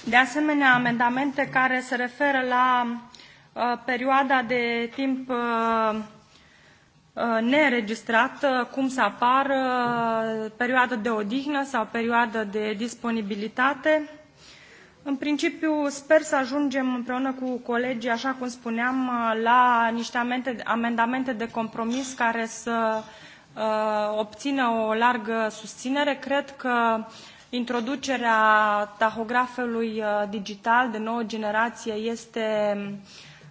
de asemenea amendamente care se referă la perioada de timp Uh, neregistrat uh, cum să apar uh, perioadă de odihnă sau perioadă de disponibilitate. În principiu, sper să ajungem împreună cu colegii, așa cum spuneam, la niște amendamente de compromis care să obțină o largă susținere. Cred că introducerea tahografelui digital de nouă generație este uh,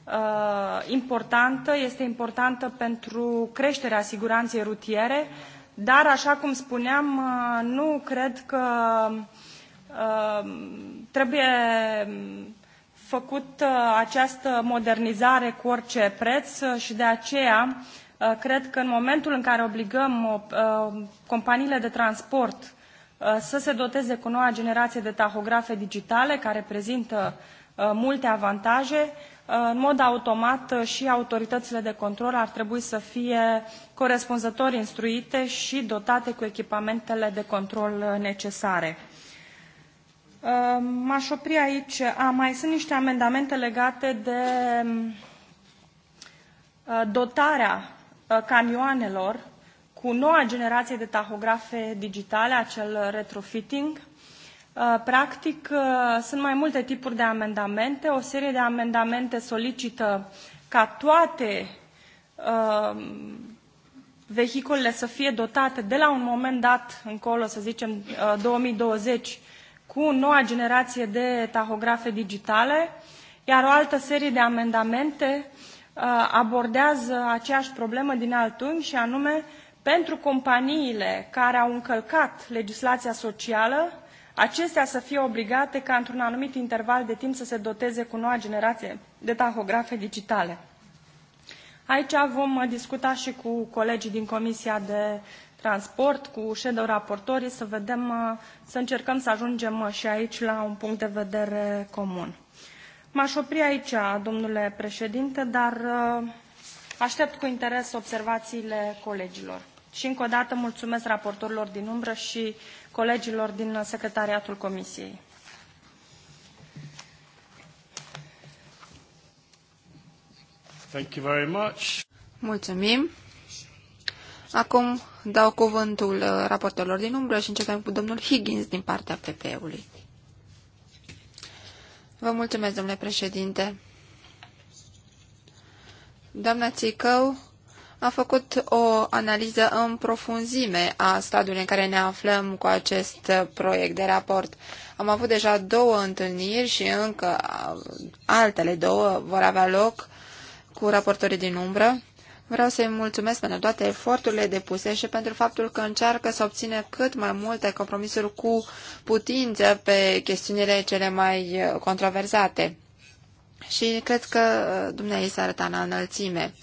Uh, importantă, este importantă pentru creșterea siguranței rutiere, dar, așa cum spuneam, uh, nu cred că uh, trebuie făcut această modernizare cu orice preț și de aceea cred că în momentul în care obligăm companiile de transport să se doteze cu noua generație de tahografe digitale, care prezintă multe avantaje, în mod automat uh, și autoritățile de control ar trebui să fie corespunzător instruite și dotate cu echipamentele de control uh, necesare. Uh, m-aș opri aici. A, mai sunt niște amendamente legate de um, dotarea camioanelor cu noua generație de tahografe digitale, acel retrofitting, Uh, practic, uh, sunt mai multe tipuri de amendamente. O serie de amendamente solicită ca toate uh, vehiculele să fie dotate de la un moment dat încolo, să zicem 2020, cu noua generație de tahografe digitale, iar o altă serie de amendamente abordează aceeași problemă din alt unghi și anume pentru companiile care au încălcat legislația socială, acestea să fie obligate ca într-un anumit interval de timp să se doteze cu noua generație de tahografe digitale. Aici vom uh, discuta și cu colegii din Comisia de Transport, cu shadow raportorii, să vedem, uh, să încercăm să ajungem uh, și aici la un punct de vedere comun. M-aș opri aici, domnule președinte, dar aștept cu interes observațiile colegilor. Și încă o dată mulțumesc raportorilor din umbră și colegilor din secretariatul Comisiei. Thank you very much. Mulțumim. Acum dau cuvântul uh, raportelor din umbră și începem cu domnul Higgins din partea PP-ului. Vă mulțumesc, domnule președinte. Doamna Țicău am făcut o analiză în profunzime a stadiului în care ne aflăm cu acest proiect de raport. Am avut deja două întâlniri și încă altele două vor avea loc cu raportorii din umbră. Vreau să-i mulțumesc pentru toate eforturile depuse și pentru faptul că încearcă să obțină cât mai multe compromisuri cu putință pe chestiunile cele mai eh, controversate și cred că uh, dumneavoastră s-a arătat în înălțime.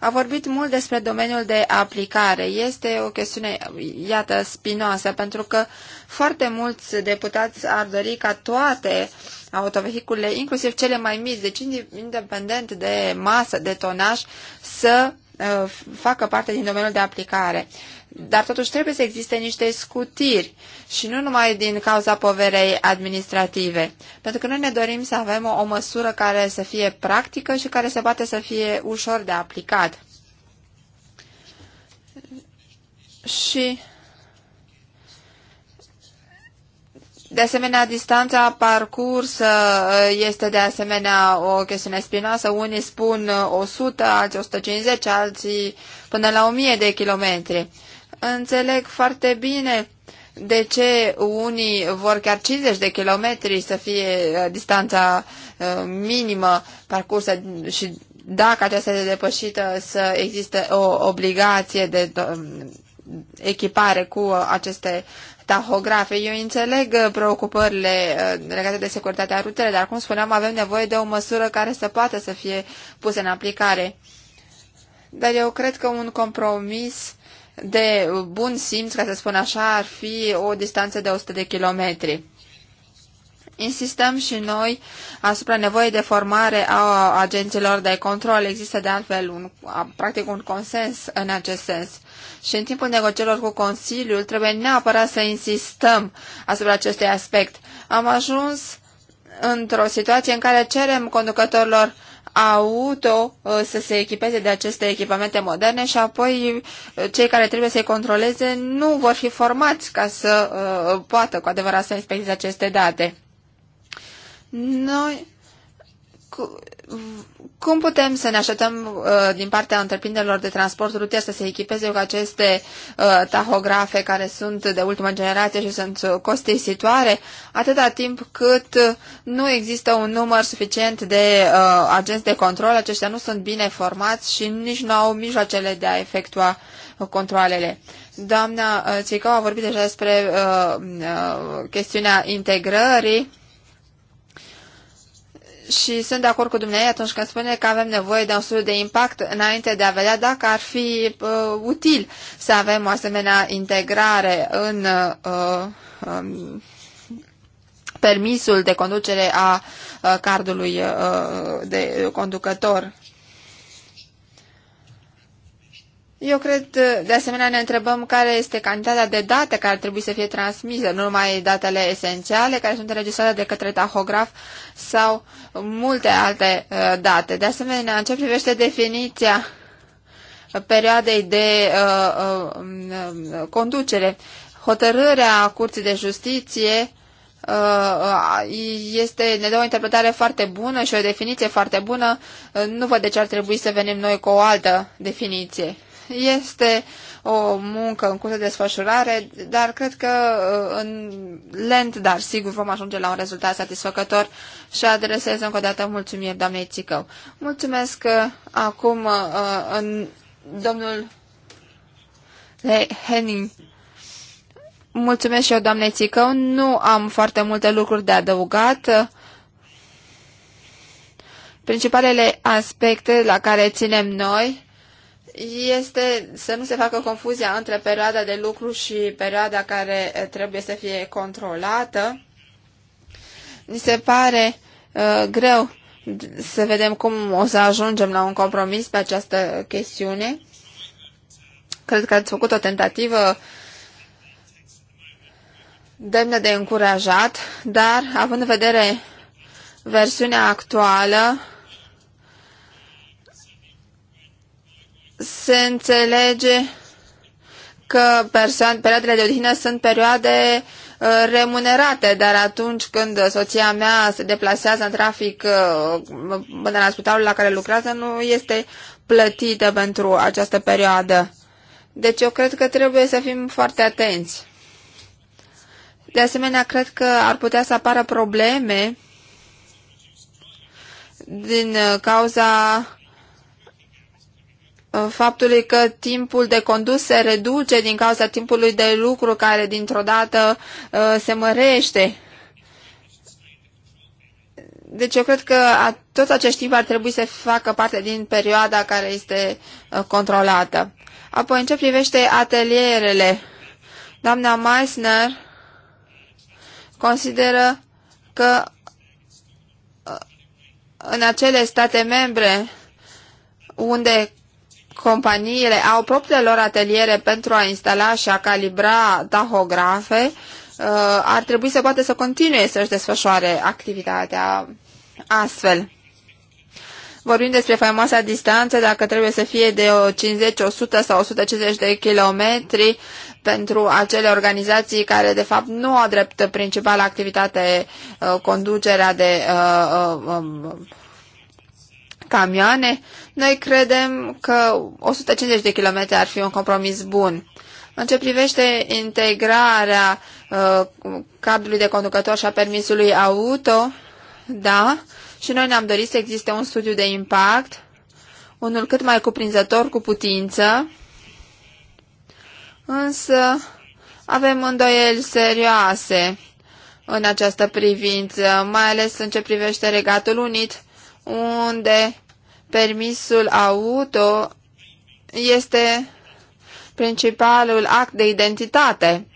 A vorbit mult despre domeniul de aplicare. Este o chestiune, iată, spinoasă, pentru că foarte mulți deputați ar dori ca toate autovehiculele, inclusiv cele mai mici, deci independent de masă, de tonaj, să Uh, facă parte din domeniul de aplicare. Dar totuși trebuie să existe niște scutiri și nu numai din cauza poverei administrative, pentru că noi ne dorim să avem o, o măsură care să fie practică și care se poate să fie ușor de aplicat. Și De asemenea, distanța parcursă uh, este de asemenea o chestiune spinoasă. Unii spun 100, uh, alții 150, alții până la 1000 de kilometri. Înțeleg foarte bine de ce unii vor chiar 50 de kilometri să fie uh, distanța minimă parcursă și dacă aceasta este depășită să existe o obligație de echipare cu aceste tahografe. Eu înțeleg uh, preocupările uh, legate de securitatea rutele, dar cum spuneam, avem nevoie de o măsură care să poată să fie pusă în aplicare. Dar eu cred că un compromis de bun simț, ca să spun așa, ar fi o distanță de 100 de kilometri. Insistăm și noi asupra nevoii de formare a agenților de control. Există de altfel un, practic un consens în acest sens. Și în timpul negocierilor cu Consiliul trebuie neapărat să insistăm asupra acestui aspect. Am ajuns într-o situație în care cerem conducătorilor auto uh, să se echipeze de aceste echipamente moderne și apoi uh, cei care trebuie să-i controleze nu vor fi formați ca să uh, poată cu adevărat să inspecteze aceste date. Noi cum putem să ne așteptăm uh, din partea întreprinderilor de transport rutier să se echipeze cu aceste uh, tahografe care sunt de ultimă generație și sunt uh, costisitoare, atâta timp cât uh, nu există un număr suficient de uh, agenți de control, aceștia nu sunt bine formați și nici nu au mijloacele de a efectua controlele. Doamna uh, Țicău a vorbit deja despre uh, uh, chestiunea integrării și sunt de acord cu dumneavoastră atunci când spune că avem nevoie de un studiu de impact înainte de a vedea dacă ar fi uh, util să avem o asemenea integrare în uh, um, permisul de conducere a uh, cardului uh, de conducător Eu cred, de asemenea, ne întrebăm care este cantitatea de date care ar trebui să fie transmise, nu numai datele esențiale care sunt înregistrate de către tahograf sau multe alte uh, date. De asemenea, în ce privește definiția perioadei de uh, uh, conducere, hotărârea Curții de Justiție uh, este, ne dă o interpretare foarte bună și o definiție foarte bună. Uh, nu văd de ce ar trebui să venim noi cu o altă definiție. Este o muncă în curs de desfășurare, dar cred că uh, în lent, dar sigur vom ajunge la un rezultat satisfăcător și adresez încă o dată mulțumiri doamnei Țicău. Mulțumesc uh, acum uh, în domnul Henning. Mulțumesc și eu, doamnei Țicău. Nu am foarte multe lucruri de adăugat. Principalele aspecte la care ținem noi este să nu se facă confuzia între perioada de lucru și perioada care eh, trebuie să fie controlată. Mi se pare uh, greu să vedem cum o să ajungem la un compromis pe această chestiune. Cred că ați făcut o tentativă demnă de încurajat, dar având în vedere versiunea actuală, se înțelege că perioadele de odihnă sunt perioade uh, remunerate, dar atunci când soția mea se deplasează în trafic uh, până la spitalul la care lucrează, nu este plătită pentru această perioadă. Deci eu cred că trebuie să fim foarte atenți. De asemenea, cred că ar putea să apară probleme din uh, cauza Uh, faptului că timpul de condus se reduce din cauza timpului de lucru care dintr-o dată uh, se mărește. Deci eu cred că toți acești timp ar trebui să facă parte din perioada care este uh, controlată. Apoi, în ce privește atelierele, doamna Meissner consideră că în acele state membre unde companiile au propriile lor ateliere pentru a instala și a calibra tahografe, uh, ar trebui să poate să continue să-și desfășoare activitatea astfel. Vorbim despre faimoasa distanță, dacă trebuie să fie de 50, 100 sau 150 de kilometri pentru acele organizații care de fapt nu au drept principală activitate uh, conducerea de uh, uh, um, camioane, uh, noi credem că 150 de km ar fi un compromis bun. În ce privește integrarea uh, cardului de conducător și a permisului auto, da, și noi ne-am dorit să existe un studiu de impact, unul cât mai cuprinzător cu putință, însă avem îndoieli serioase în această privință, mai ales în ce privește Regatul Unit, unde permisul auto este principalul act de identitate.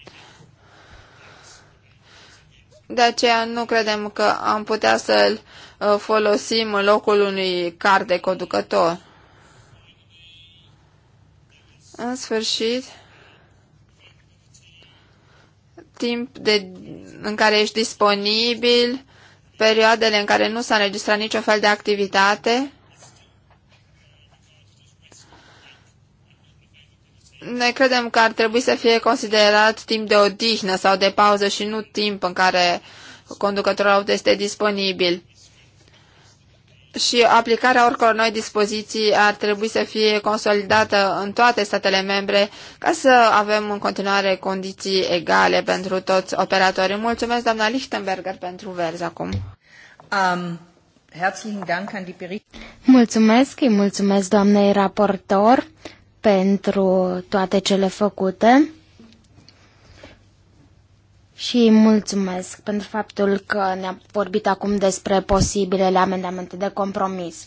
De aceea nu credem că am putea să-l uh, folosim în locul unui card de conducător. În sfârșit, timp de, în care ești disponibil, perioadele în care nu s-a înregistrat niciun fel de activitate, Noi credem că ar trebui să fie considerat timp de odihnă sau de pauză și nu timp în care conducătorul auto este disponibil. Și aplicarea oricor noi dispoziții ar trebui să fie consolidată în toate statele membre ca să avem în continuare condiții egale pentru toți operatorii. Mulțumesc, doamna Lichtenberger, pentru verzi acum. Um. Mulțumesc, îi mulțumesc doamnei raportor pentru toate cele făcute și mulțumesc pentru faptul că ne-a vorbit acum despre posibilele amendamente de compromis.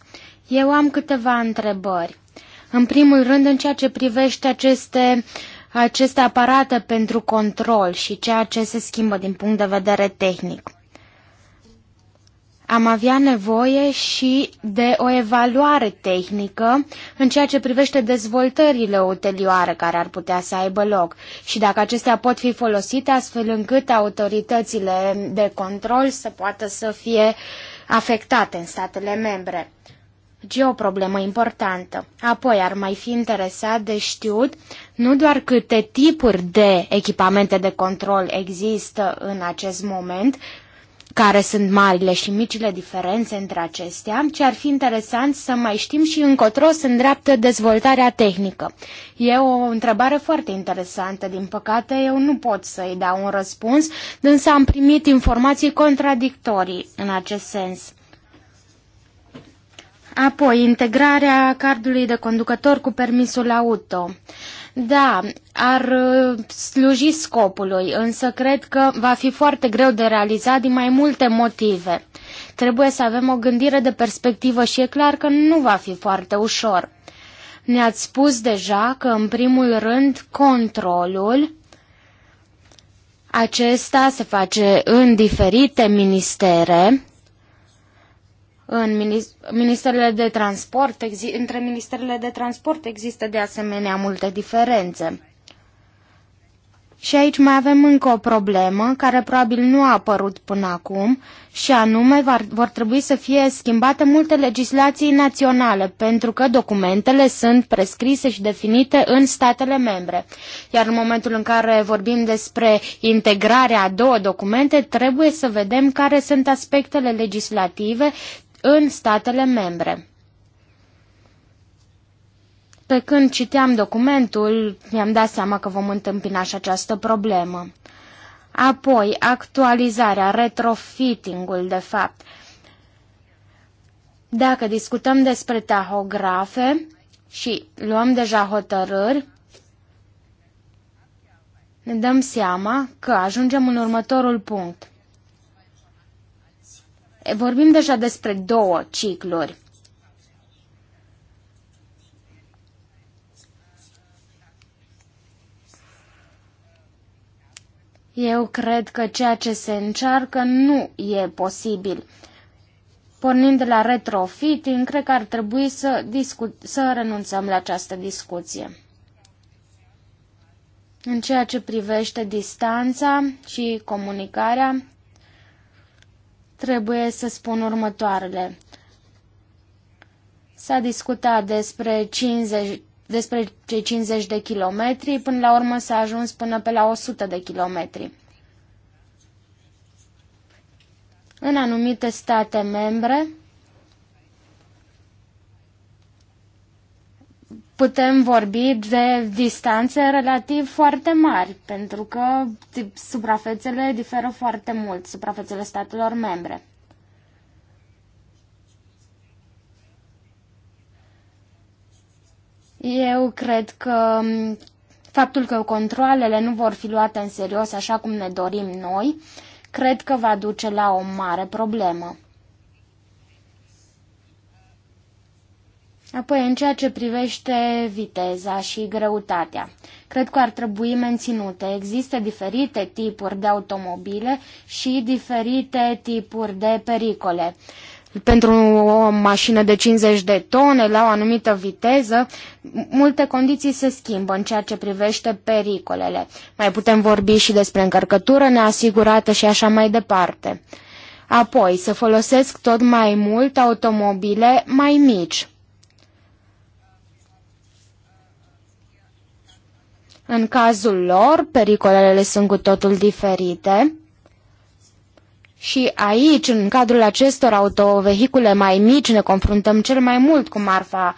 Eu am câteva întrebări. În primul rând, în ceea ce privește aceste, aceste aparate pentru control și ceea ce se schimbă din punct de vedere tehnic am avea nevoie și de o evaluare tehnică în ceea ce privește dezvoltările ulterioare care ar putea să aibă loc și dacă acestea pot fi folosite astfel încât autoritățile de control să poată să fie afectate în statele membre. E o problemă importantă. Apoi ar mai fi interesat de știut nu doar câte tipuri de echipamente de control există în acest moment, care sunt marile și micile diferențe între acestea, ci ar fi interesant să mai știm și încotro se îndreaptă dezvoltarea tehnică. E o întrebare foarte interesantă, din păcate eu nu pot să-i dau un răspuns, însă am primit informații contradictorii în acest sens. Apoi, integrarea cardului de conducător cu permisul auto. Da, ar uh, sluji scopului, însă cred că va fi foarte greu de realizat din mai multe motive. Trebuie să avem o gândire de perspectivă și e clar că nu va fi foarte ușor. Ne-ați spus deja că, în primul rând, controlul acesta se face în diferite ministere, în ministerele de transport, între ministerele de transport există de asemenea multe diferențe. Și aici mai avem încă o problemă care probabil nu a apărut până acum și anume vor trebui să fie schimbate multe legislații naționale pentru că documentele sunt prescrise și definite în statele membre. Iar în momentul în care vorbim despre integrarea a două documente trebuie să vedem care sunt aspectele legislative în statele membre. Pe când citeam documentul, mi-am dat seama că vom întâmpina și această problemă. Apoi, actualizarea, retrofitting-ul, de fapt. Dacă discutăm despre tahografe și luăm deja hotărâri, ne dăm seama că ajungem în următorul punct. Vorbim deja despre două cicluri. Eu cred că ceea ce se încearcă nu e posibil. Pornind de la retrofitting, cred că ar trebui să, să renunțăm la această discuție. În ceea ce privește distanța și comunicarea, trebuie să spun următoarele. S-a discutat despre 50, despre cei 50 de kilometri, până la urmă s-a ajuns până pe la 100 de kilometri. În anumite state membre, putem vorbi de distanțe relativ foarte mari, pentru că suprafețele diferă foarte mult, suprafețele statelor membre. Eu cred că faptul că controlele nu vor fi luate în serios așa cum ne dorim noi, cred că va duce la o mare problemă. Apoi, în ceea ce privește viteza și greutatea, cred că ar trebui menținute. Există diferite tipuri de automobile și diferite tipuri de pericole. Pentru o mașină de 50 de tone, la o anumită viteză, multe condiții se schimbă în ceea ce privește pericolele. Mai putem vorbi și despre încărcătură neasigurată și așa mai departe. Apoi, să folosesc tot mai mult automobile mai mici În cazul lor, pericolele sunt cu totul diferite. Și aici, în cadrul acestor autovehicule mai mici, ne confruntăm cel mai mult cu marfa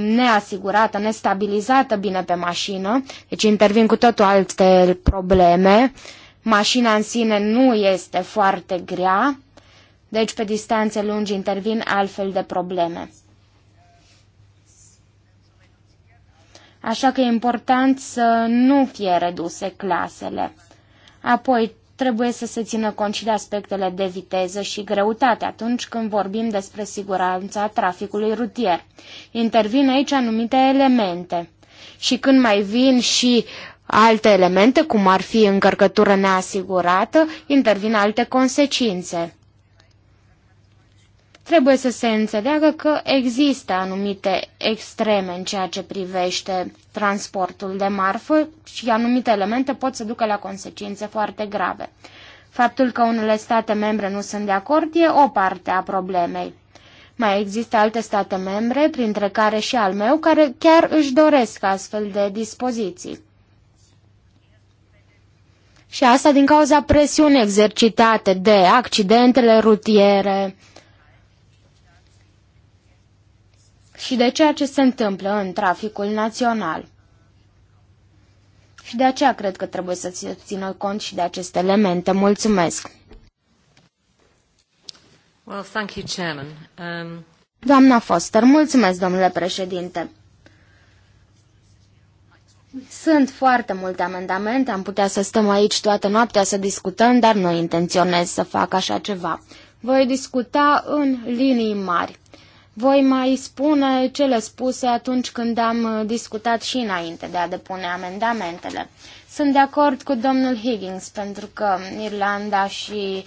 neasigurată, nestabilizată bine pe mașină, deci intervin cu totul alte probleme. Mașina în sine nu este foarte grea, deci pe distanțe lungi intervin altfel de probleme. așa că e important să nu fie reduse clasele. Apoi, trebuie să se țină cont și de aspectele de viteză și greutate atunci când vorbim despre siguranța traficului rutier. Intervin aici anumite elemente. Și când mai vin și alte elemente, cum ar fi încărcătură neasigurată, intervin alte consecințe. Trebuie să se înțeleagă că există anumite extreme în ceea ce privește transportul de marfă și anumite elemente pot să ducă la consecințe foarte grave. Faptul că unele state membre nu sunt de acord e o parte a problemei. Mai există alte state membre, printre care și al meu, care chiar își doresc astfel de dispoziții. Și asta din cauza presiunii exercitate de accidentele rutiere, și de ceea ce se întâmplă în traficul național. Și de aceea cred că trebuie să se țină cont și de aceste elemente. Mulțumesc! Well, thank you, Chairman. Um... Doamna Foster, mulțumesc, domnule președinte. Sunt foarte multe amendamente, am putea să stăm aici toată noaptea să discutăm, dar nu intenționez să fac așa ceva. Voi discuta în linii mari. Voi mai spune cele spuse atunci când am uh, discutat și înainte de a depune amendamentele. Sunt de acord cu domnul Higgins pentru că Irlanda și,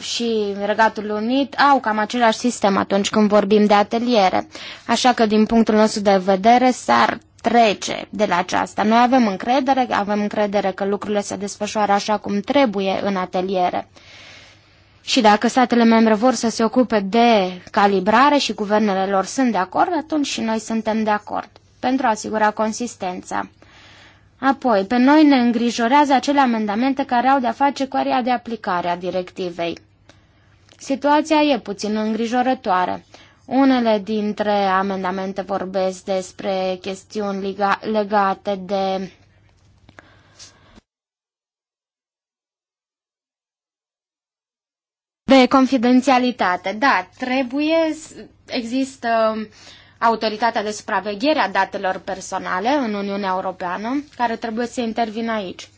și Regatul Unit au cam același sistem atunci când vorbim de ateliere. Așa că din punctul nostru de vedere s-ar trece de la aceasta. Noi avem încredere, avem încredere că lucrurile se desfășoară așa cum trebuie în ateliere. Și dacă statele membre vor să se ocupe de calibrare și guvernele lor sunt de acord, atunci și noi suntem de acord pentru a asigura consistența. Apoi, pe noi ne îngrijorează acele amendamente care au de-a face cu area de aplicare a directivei. Situația e puțin îngrijorătoare. Unele dintre amendamente vorbesc despre chestiuni legate de de confidențialitate. Da, trebuie, există autoritatea de supraveghere a datelor personale în Uniunea Europeană, care trebuie să intervină aici.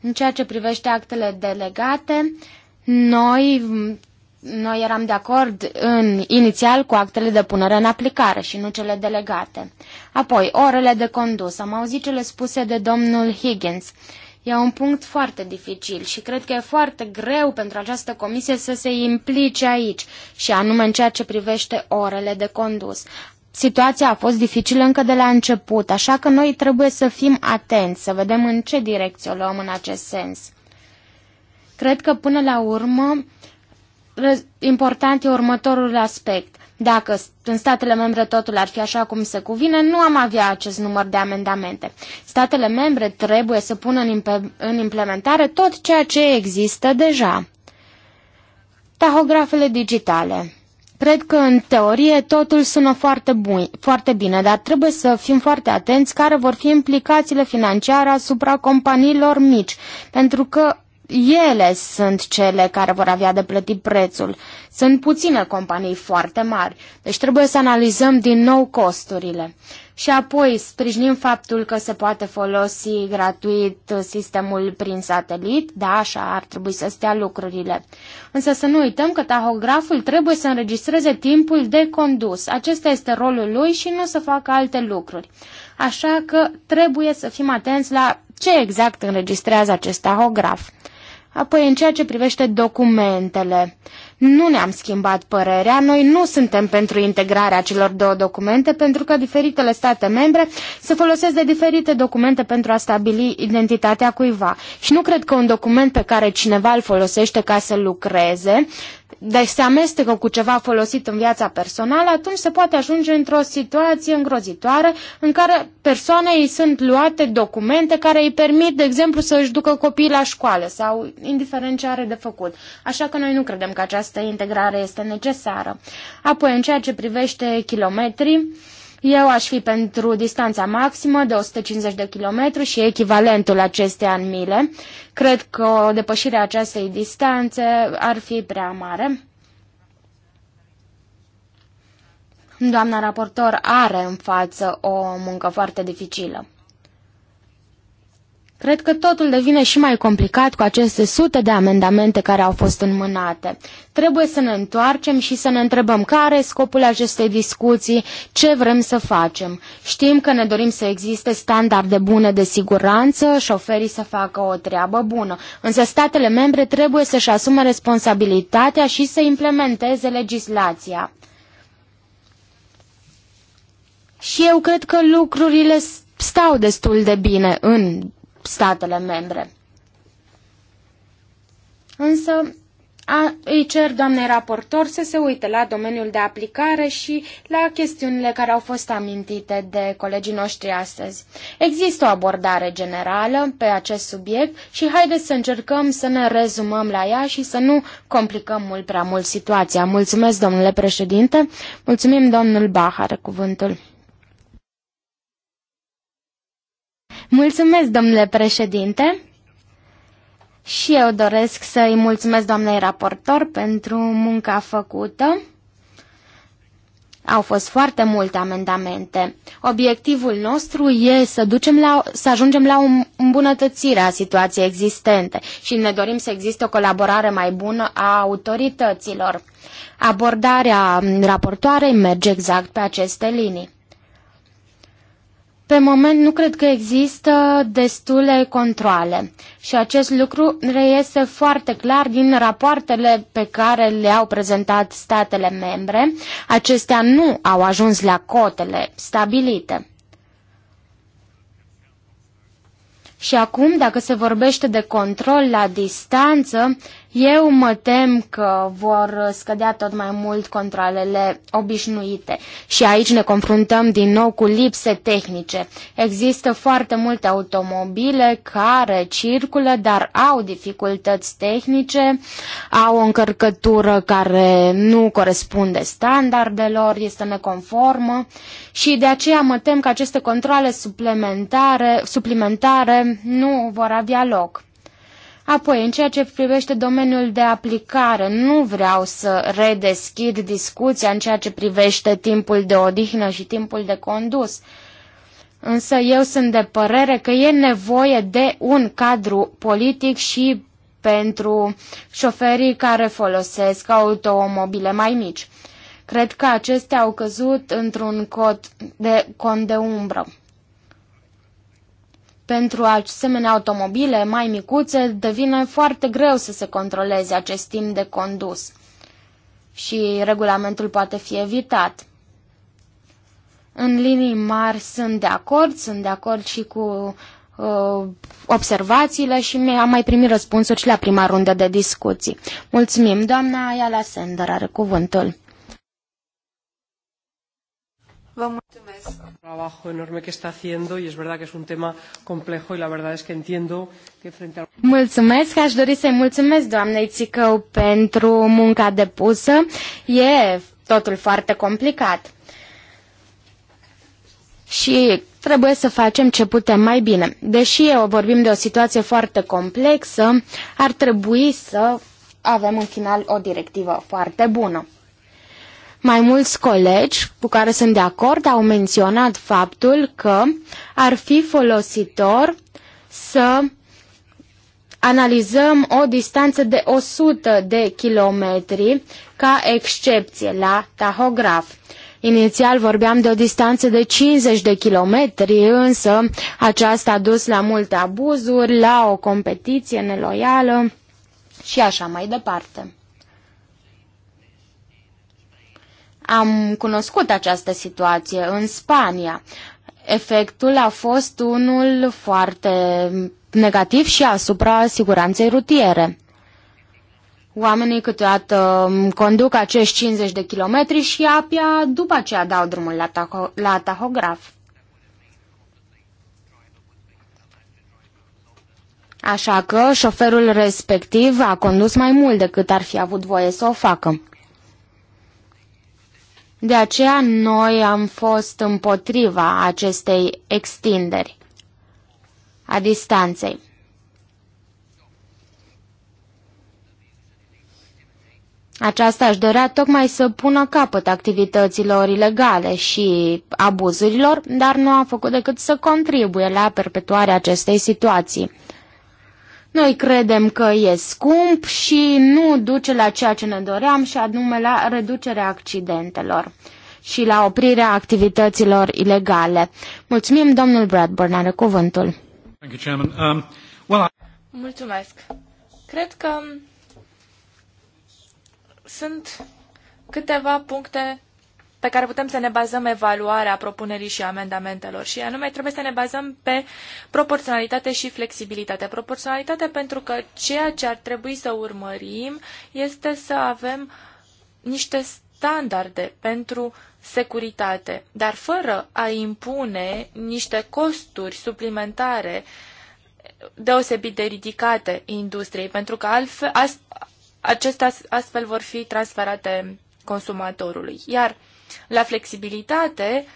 În ceea ce privește actele delegate, noi, noi eram de acord în, inițial cu actele de punere în aplicare și nu cele delegate. Apoi, orele de condus. Am auzit cele spuse de domnul Higgins. Uh, E un punct foarte dificil și cred că e foarte greu pentru această comisie să se implice aici, și anume în ceea ce privește orele de condus. Situația a fost dificilă încă de la început, așa că noi trebuie să fim atenți, să vedem în ce direcție o luăm în acest sens. Cred că până la urmă important e următorul aspect. Dacă în statele membre totul ar fi așa cum se cuvine, nu am avea acest număr de amendamente. Statele membre trebuie să pună în implementare tot ceea ce există deja. Tahografele digitale. Cred că, în teorie, totul sună foarte, bun, foarte bine, dar trebuie să fim foarte atenți care vor fi implicațiile financiare asupra companiilor mici, pentru că ele sunt cele care vor avea de plătit prețul. Sunt puține companii foarte mari, deci trebuie să analizăm din nou costurile. Și apoi sprijinim faptul că se poate folosi gratuit sistemul prin satelit, da, așa ar trebui să stea lucrurile. Însă să nu uităm că tahograful trebuie să înregistreze timpul de condus. Acesta este rolul lui și nu să facă alte lucruri. Așa că trebuie să fim atenți la ce exact înregistrează acest tahograf. Apoi, în ceea ce privește documentele, nu ne-am schimbat părerea, noi nu suntem pentru integrarea celor două documente, pentru că diferitele state membre se folosesc de diferite documente pentru a stabili identitatea cuiva. Și nu cred că un document pe care cineva îl folosește ca să lucreze de deci se amestecă cu ceva folosit în viața personală, atunci se poate ajunge într-o situație îngrozitoare în care persoanei sunt luate documente care îi permit, de exemplu, să își ducă copiii la școală sau indiferent ce are de făcut. Așa că noi nu credem că această integrare este necesară. Apoi, în ceea ce privește kilometrii, eu aș fi pentru distanța maximă de 150 de km și echivalentul acesteia în mile. Cred că o depășire a acestei distanțe ar fi prea mare. Doamna raportor are în față o muncă foarte dificilă. Cred că totul devine și mai complicat cu aceste sute de amendamente care au fost înmânate. Trebuie să ne întoarcem și să ne întrebăm care e scopul acestei discuții, ce vrem să facem. Știm că ne dorim să existe standarde bune de siguranță, șoferii să facă o treabă bună, însă statele membre trebuie să-și asume responsabilitatea și să implementeze legislația. Și eu cred că lucrurile stau destul de bine în statele membre. Însă a, îi cer doamnei raportor să se uite la domeniul de aplicare și la chestiunile care au fost amintite de colegii noștri astăzi. Există o abordare generală pe acest subiect și haideți să încercăm să ne rezumăm la ea și să nu complicăm mult prea mult situația. Mulțumesc, domnule președinte. Mulțumim, domnul Bahar, cuvântul. Mulțumesc, domnule președinte! Și eu doresc să-i mulțumesc doamnei raportor pentru munca făcută. Au fost foarte multe amendamente. Obiectivul nostru e să, ducem la, să ajungem la o îmbunătățire a situației existente și ne dorim să existe o colaborare mai bună a autorităților. Abordarea raportoarei merge exact pe aceste linii. Pe moment nu cred că există destule controle și acest lucru reiese foarte clar din rapoartele pe care le-au prezentat statele membre. Acestea nu au ajuns la cotele stabilite. Și acum, dacă se vorbește de control la distanță, eu mă tem că vor scădea tot mai mult controlele obișnuite și aici ne confruntăm din nou cu lipse tehnice. Există foarte multe automobile care circulă, dar au dificultăți tehnice, au o încărcătură care nu corespunde standardelor, este neconformă și de aceea mă tem că aceste controle suplimentare, suplimentare nu vor avea loc. Apoi, în ceea ce privește domeniul de aplicare, nu vreau să redeschid discuția în ceea ce privește timpul de odihnă și timpul de condus. Însă eu sunt de părere că e nevoie de un cadru politic și pentru șoferii care folosesc automobile mai mici. Cred că acestea au căzut într-un cod de, cont de umbră. Pentru asemenea automobile mai micuțe devine foarte greu să se controleze acest timp de condus și regulamentul poate fi evitat. În linii mari sunt de acord, sunt de acord și cu uh, observațiile și mi-am mai primit răspunsuri și la prima rundă de discuții. Mulțumim, doamna Ayala Sender are cuvântul. Vă mulțumesc. Trabajo enorme que está haciendo y es verdad que es un tema complejo y la verdad es que entiendo que frente a... Mulțumesc, aș dori să-i mulțumesc doamnei Țicău pentru munca depusă. E totul foarte complicat. Și trebuie să facem ce putem mai bine. Deși vorbim de o situație foarte complexă, ar trebui să avem în final o directivă foarte bună. Mai mulți colegi cu care sunt de acord au menționat faptul că ar fi folositor să analizăm o distanță de 100 de kilometri ca excepție la tahograf. Inițial vorbeam de o distanță de 50 de kilometri, însă aceasta a dus la multe abuzuri, la o competiție neloială și așa mai departe. Am cunoscut această situație în Spania. Efectul a fost unul foarte negativ și asupra siguranței rutiere. Oamenii câteodată conduc acești 50 de kilometri și apia după aceea dau drumul la, taho- la tahograf. Așa că șoferul respectiv a condus mai mult decât ar fi avut voie să o facă. De aceea noi am fost împotriva acestei extinderi a distanței. Aceasta aș dorea tocmai să pună capăt activităților ilegale și abuzurilor, dar nu a făcut decât să contribuie la perpetuarea acestei situații. Noi credem că e scump și nu duce la ceea ce ne doream și anume la reducerea accidentelor și la oprirea activităților ilegale. Mulțumim, domnul Bradburn, are cuvântul. Um, Mulțumesc. Cred că sunt câteva puncte pe care putem să ne bazăm evaluarea propunerii și amendamentelor și anume trebuie să ne bazăm pe proporționalitate și flexibilitate. Proporționalitate pentru că ceea ce ar trebui să urmărim este să avem niște standarde pentru securitate, dar fără a impune niște costuri suplimentare deosebit de ridicate industriei, pentru că altfel, as, acestea astfel vor fi transferate consumatorului. Iar la flexibilitate,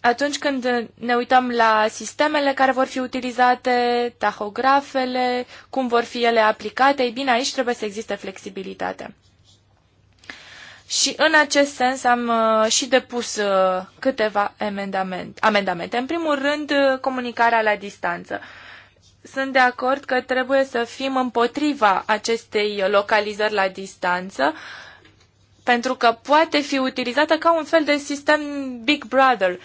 atunci când ne uităm la sistemele care vor fi utilizate, tahografele, cum vor fi ele aplicate, ei bine, aici trebuie să existe flexibilitate. Și în acest sens am uh, și depus uh, câteva amendamente. În primul rând, uh, comunicarea la distanță. Sunt de acord că trebuie să fim împotriva acestei localizări la distanță, pentru că poate fi utilizată ca un fel de sistem Big Brother,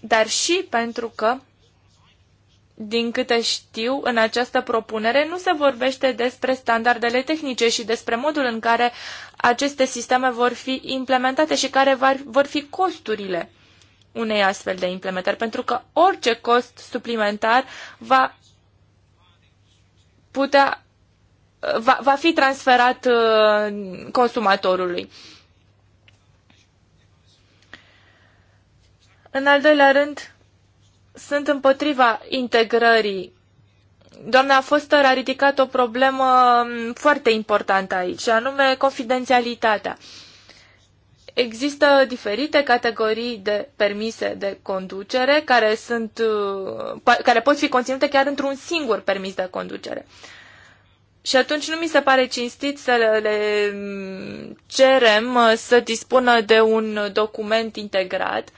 dar și pentru că, din câte știu, în această propunere nu se vorbește despre standardele tehnice și despre modul în care aceste sisteme vor fi implementate și care vor fi costurile unei astfel de implementări, pentru că orice cost suplimentar va putea va, va fi transferat uh, consumatorului. În al doilea rând, sunt împotriva integrării. Doamna Foster a ridicat o problemă um, foarte importantă aici, anume confidențialitatea. Există diferite categorii de permise de conducere care, sunt, uh, care pot fi conținute chiar într-un singur permis de conducere. Uh, și atunci nu mi se pare cinstit să le, cerem uh, să dispună de un document integrat,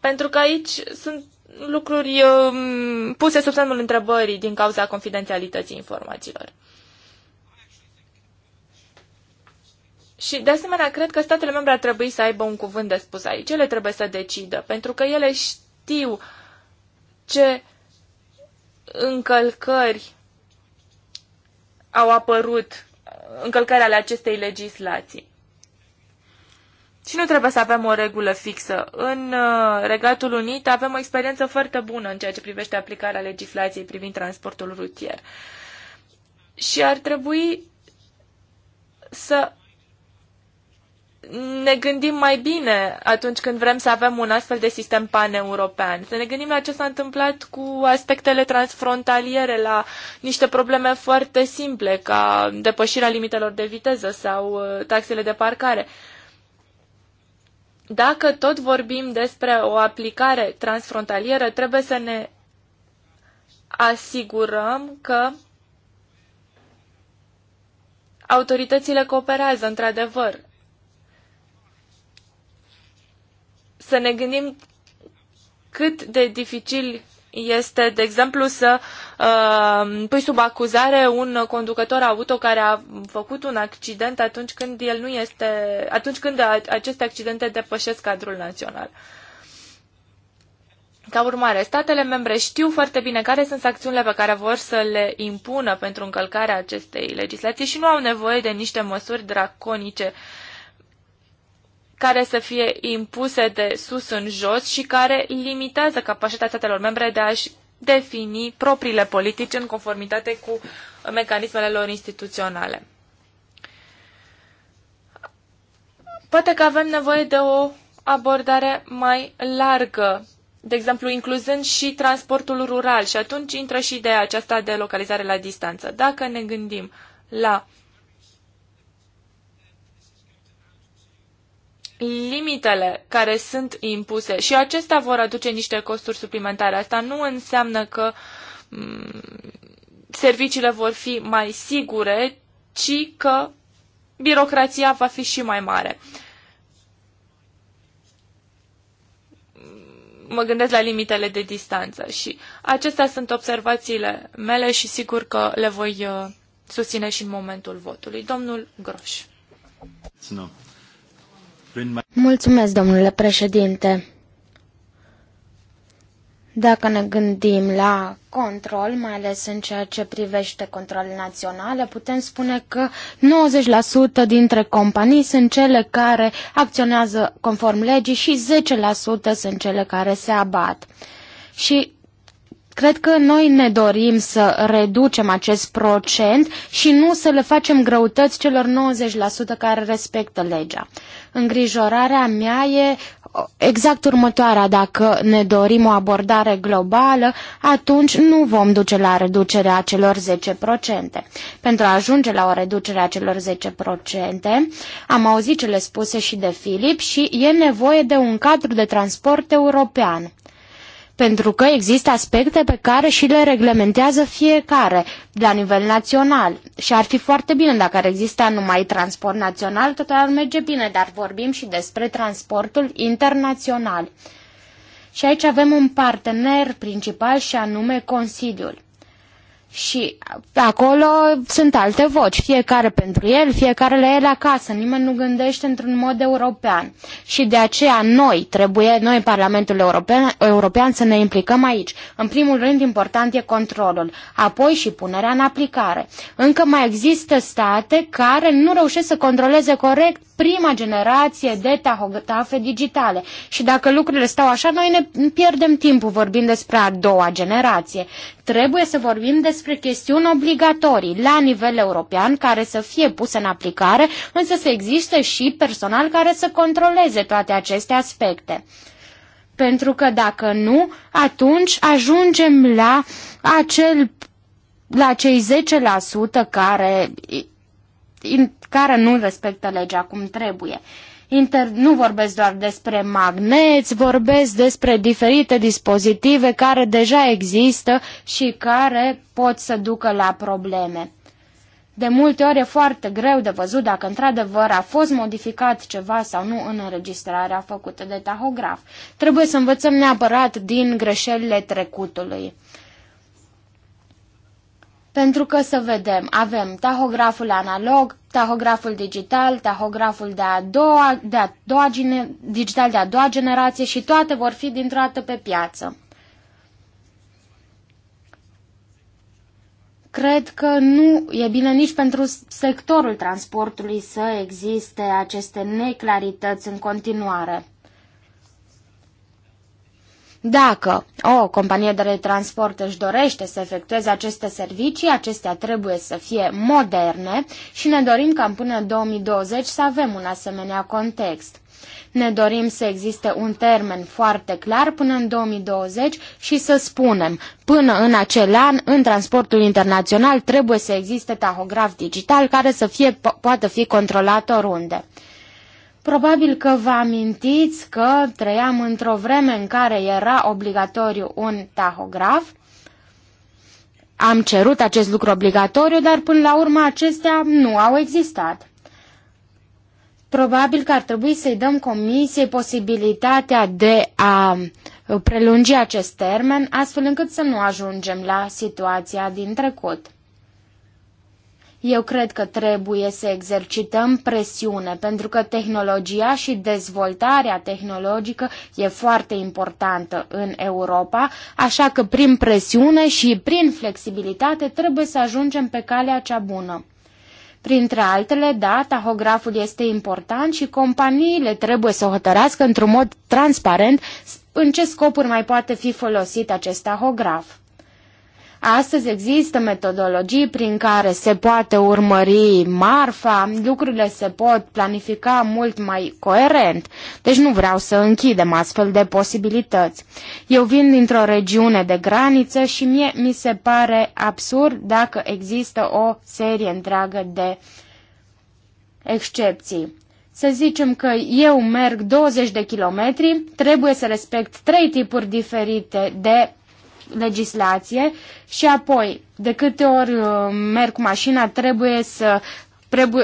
pentru că aici sunt lucruri um, puse sub semnul întrebării din cauza confidențialității informațiilor. Și, de asemenea, cred că statele membre ar trebui să aibă un cuvânt de spus aici. Ele trebuie să decidă, pentru că ele știu ce încălcări au apărut, încălcări ale acestei legislații. Și nu trebuie să avem o regulă fixă. În uh, Regatul Unit avem o experiență foarte bună în ceea ce privește aplicarea legislației privind transportul rutier. Și ar trebui să ne gândim mai bine atunci când vrem să avem un astfel de sistem pan-european. Să ne gândim la ce s-a întâmplat cu aspectele transfrontaliere, la niște probleme foarte simple, ca depășirea limitelor de viteză sau uh, taxele de parcare. Dacă tot vorbim despre o aplicare transfrontalieră, trebuie să ne asigurăm că autoritățile cooperează într-adevăr să ne gândim cât de dificil este, de exemplu, să uh, pui sub acuzare un conducător auto care a făcut un accident atunci când el nu este, atunci când aceste accidente depășesc cadrul național. Ca urmare, statele membre știu foarte bine care sunt sancțiunile pe care vor să le impună pentru încălcarea acestei legislații și nu au nevoie de niște măsuri draconice uh, care să fie impuse de sus în jos și care limitează capacitatea statelor membre de a-și defini propriile politici în conformitate cu mecanismele lor instituționale. Poate că avem nevoie de o abordare mai largă, de exemplu, incluzând și transportul rural și atunci intră și ideea aceasta de localizare la distanță. Dacă ne gândim la limitele care sunt impuse și acestea vor aduce niște costuri suplimentare. Asta nu înseamnă că mm, serviciile vor fi mai sigure, ci că birocrația va fi și mai mare. Mă gândesc la limitele de distanță și acestea sunt observațiile mele și sigur că le voi uh, susține și în momentul votului. Domnul Groș. No. Mulțumesc, domnule președinte. Dacă ne gândim la control, mai ales în ceea ce privește controlul național, putem spune că 90% dintre companii sunt cele care acționează conform legii și 10% sunt cele care se abat. Și Cred că noi ne dorim să reducem acest procent și nu să le facem greutăți celor 90% care respectă legea. Îngrijorarea mea e exact următoarea. Dacă ne dorim o abordare globală, atunci nu vom duce la reducerea celor 10%. Pentru a ajunge la o reducere a celor 10%, am auzit cele spuse și de Filip și e nevoie de un cadru de transport european pentru că există aspecte pe care și le reglementează fiecare la nivel național. Și ar fi foarte bine dacă ar exista numai transport național, tot ar merge bine, dar vorbim și despre transportul internațional. Și aici avem un partener principal și anume Consiliul. Și acolo sunt alte voci, fiecare pentru el, fiecare la el acasă. Nimeni nu gândește într-un mod european. Și de aceea noi trebuie, noi Parlamentul European, European, să ne implicăm aici. În primul rând, important e controlul, apoi și punerea în aplicare. Încă mai există state care nu reușesc să controleze corect prima generație de tahografe digitale. Și dacă lucrurile stau așa, noi ne pierdem timpul vorbind despre a doua generație. Trebuie să vorbim despre chestiuni obligatorii la nivel european care să fie puse în aplicare, însă să existe și personal care să controleze toate aceste aspecte pentru că dacă nu, atunci ajungem la acel la cei 10% care care nu respectă legea cum trebuie. Inter- nu vorbesc doar despre magneți, vorbesc despre diferite dispozitive care deja există și care pot să ducă la probleme. De multe ori e foarte greu de văzut dacă într-adevăr a fost modificat ceva sau nu în înregistrarea făcută de tahograf. Trebuie să învățăm neapărat din greșelile trecutului. Pentru că să vedem, avem tahograful analog, tahograful digital, tahograful de a doua, de a doua digital de a doua generație și toate vor fi dintr-o dată pe piață. Cred că nu e bine nici pentru sectorul transportului să existe aceste neclarități în continuare. Dacă o companie de transport își dorește să efectueze aceste servicii, acestea trebuie să fie moderne și ne dorim ca până în 2020 să avem un asemenea context. Ne dorim să existe un termen foarte clar până în 2020 și să spunem, până în acel an, în transportul internațional trebuie să existe tahograf digital care să fie, po- poată fi controlat oriunde. Probabil că vă amintiți că trăiam într-o vreme în care era obligatoriu un tahograf. Am cerut acest lucru obligatoriu, dar până la urmă acestea nu au existat. Probabil că ar trebui să-i dăm comisiei posibilitatea de a prelungi acest termen, astfel încât să nu ajungem la situația din trecut. Eu cred că trebuie să exercităm presiune, pentru că tehnologia și dezvoltarea tehnologică e foarte importantă în Europa, așa că prin presiune și prin flexibilitate trebuie să ajungem pe calea cea bună. Printre altele, da, tahograful este important și companiile trebuie să hotărească într-un mod transparent în ce scopuri mai poate fi folosit acest tahograf. Astăzi există metodologii prin care se poate urmări marfa, lucrurile se pot planifica mult mai coerent, deci nu vreau să închidem astfel de posibilități. Eu vin dintr-o regiune de graniță și mie mi se pare absurd dacă există o serie întreagă de excepții să zicem că eu merg 20 de kilometri, trebuie să respect trei tipuri diferite de legislație și apoi, de câte ori uh, merg cu mașina, trebuie să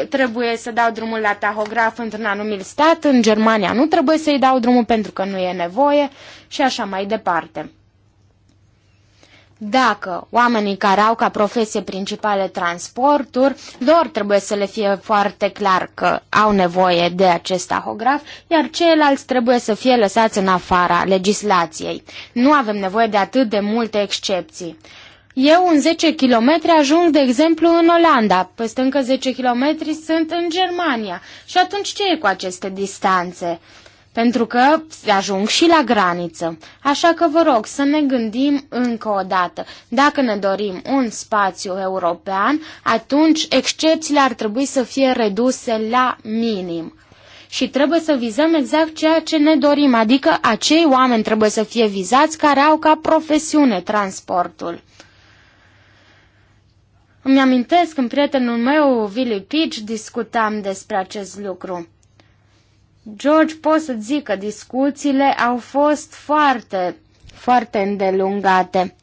trebuie să dau drumul la tahograf într-un anumit stat, în Germania nu trebuie să-i dau drumul pentru că nu e nevoie și așa mai departe. Dacă oamenii care au ca profesie principale transporturi, lor trebuie să le fie foarte clar că au nevoie de acest tahograf, iar ceilalți trebuie să fie lăsați în afara legislației. Nu avem nevoie de atât de multe excepții. Eu în 10 km ajung, de exemplu, în Olanda, peste încă 10 km sunt în Germania. Și atunci ce e cu aceste distanțe? pentru că ajung și la graniță. Așa că vă rog să ne gândim încă o dată. Dacă ne dorim un spațiu european, atunci excepțiile ar trebui să fie reduse la minim. Și trebuie să vizăm exact ceea ce ne dorim, adică acei oameni trebuie să fie vizați care au ca profesiune transportul. Îmi amintesc când prietenul meu, Willy Pitch, discutam despre acest lucru. George, pot să zic că discuțiile au fost foarte, foarte îndelungate.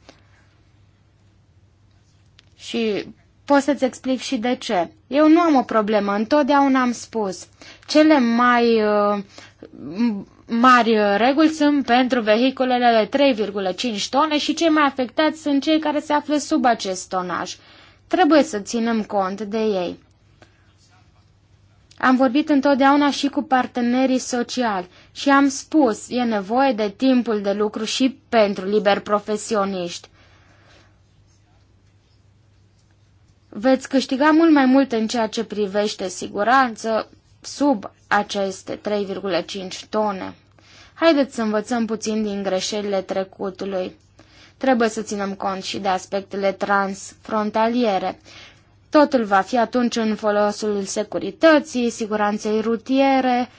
Și pot să-ți explic și de ce. Eu nu am o problemă, întotdeauna am spus. Cele mai uh, mari reguli sunt pentru vehiculele de 3,5 tone și cei mai afectați sunt cei care se află sub acest tonaj. Trebuie să ținem cont de ei. Am vorbit întotdeauna și cu partenerii sociali și am spus, e nevoie de timpul de lucru și pentru liber profesioniști. Veți câștiga mult mai mult în ceea ce privește siguranță sub aceste 3,5 tone. Haideți să învățăm puțin din greșelile trecutului. Trebuie să ținem cont și de aspectele transfrontaliere. Totul va fi atunci în folosul securității, siguranței rutiere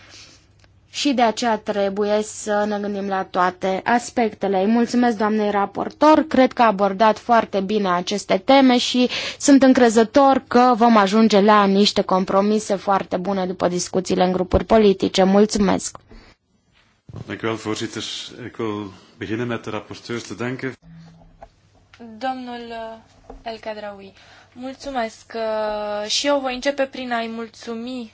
și de aceea trebuie să ne gândim la toate aspectele. Îi mulțumesc doamnei raportor, cred că a abordat foarte bine aceste teme și sunt încrezător că vom ajunge la niște compromise foarte bune după discuțiile în grupuri politice. Mulțumesc! de Domnul El Kadraoui, Mulțumesc. Și eu voi începe prin a-i mulțumi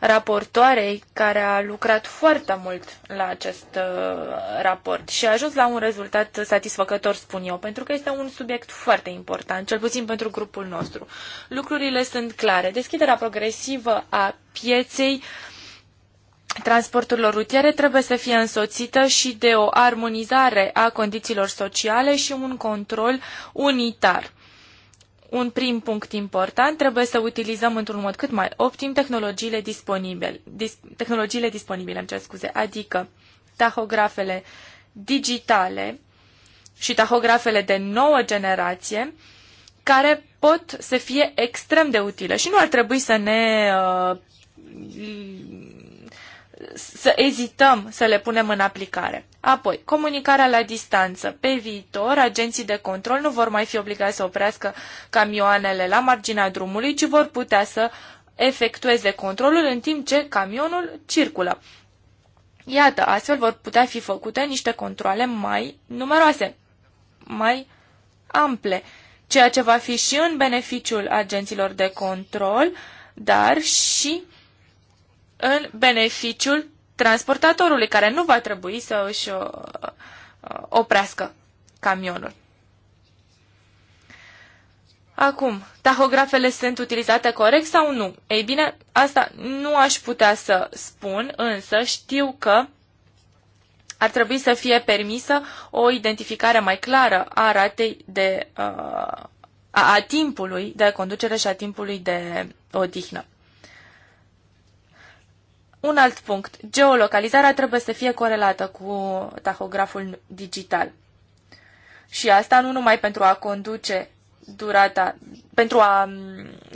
raportoarei care a lucrat foarte mult la acest uh, raport și a ajuns la un rezultat satisfăcător, spun eu, pentru că este un subiect foarte important, cel puțin pentru grupul nostru. Lucrurile sunt clare. Deschiderea progresivă a pieței transporturilor rutiere trebuie să fie însoțită și de o armonizare a condițiilor sociale și un control unitar un prim punct important, trebuie să utilizăm într-un mod cât mai optim tehnologiile disponibile, dis, tehnologiile disponibile îmi cer scuze, adică tahografele digitale și tahografele de nouă generație, care pot să fie extrem de utile și nu ar trebui să ne uh, să ezităm să le punem în aplicare. Apoi, comunicarea la distanță. Pe viitor, agenții de control nu vor mai fi obligați să oprească camioanele la marginea drumului, ci vor putea să efectueze controlul în timp ce camionul circulă. Iată, astfel vor putea fi făcute niște controle mai numeroase, mai ample, ceea ce va fi și în beneficiul agenților de control, dar și uh, în beneficiul transportatorului, care nu va trebui să își uh, uh, oprească camionul. Acum, tahografele sunt utilizate corect sau nu? Ei bine, asta nu aș putea să spun, însă știu că ar trebui să fie permisă o identificare mai clară a ratei de. Uh, a, a timpului de conducere și a timpului de odihnă. Un alt punct. Geolocalizarea trebuie să fie corelată cu tahograful digital. Și asta nu numai pentru a conduce durata, pentru a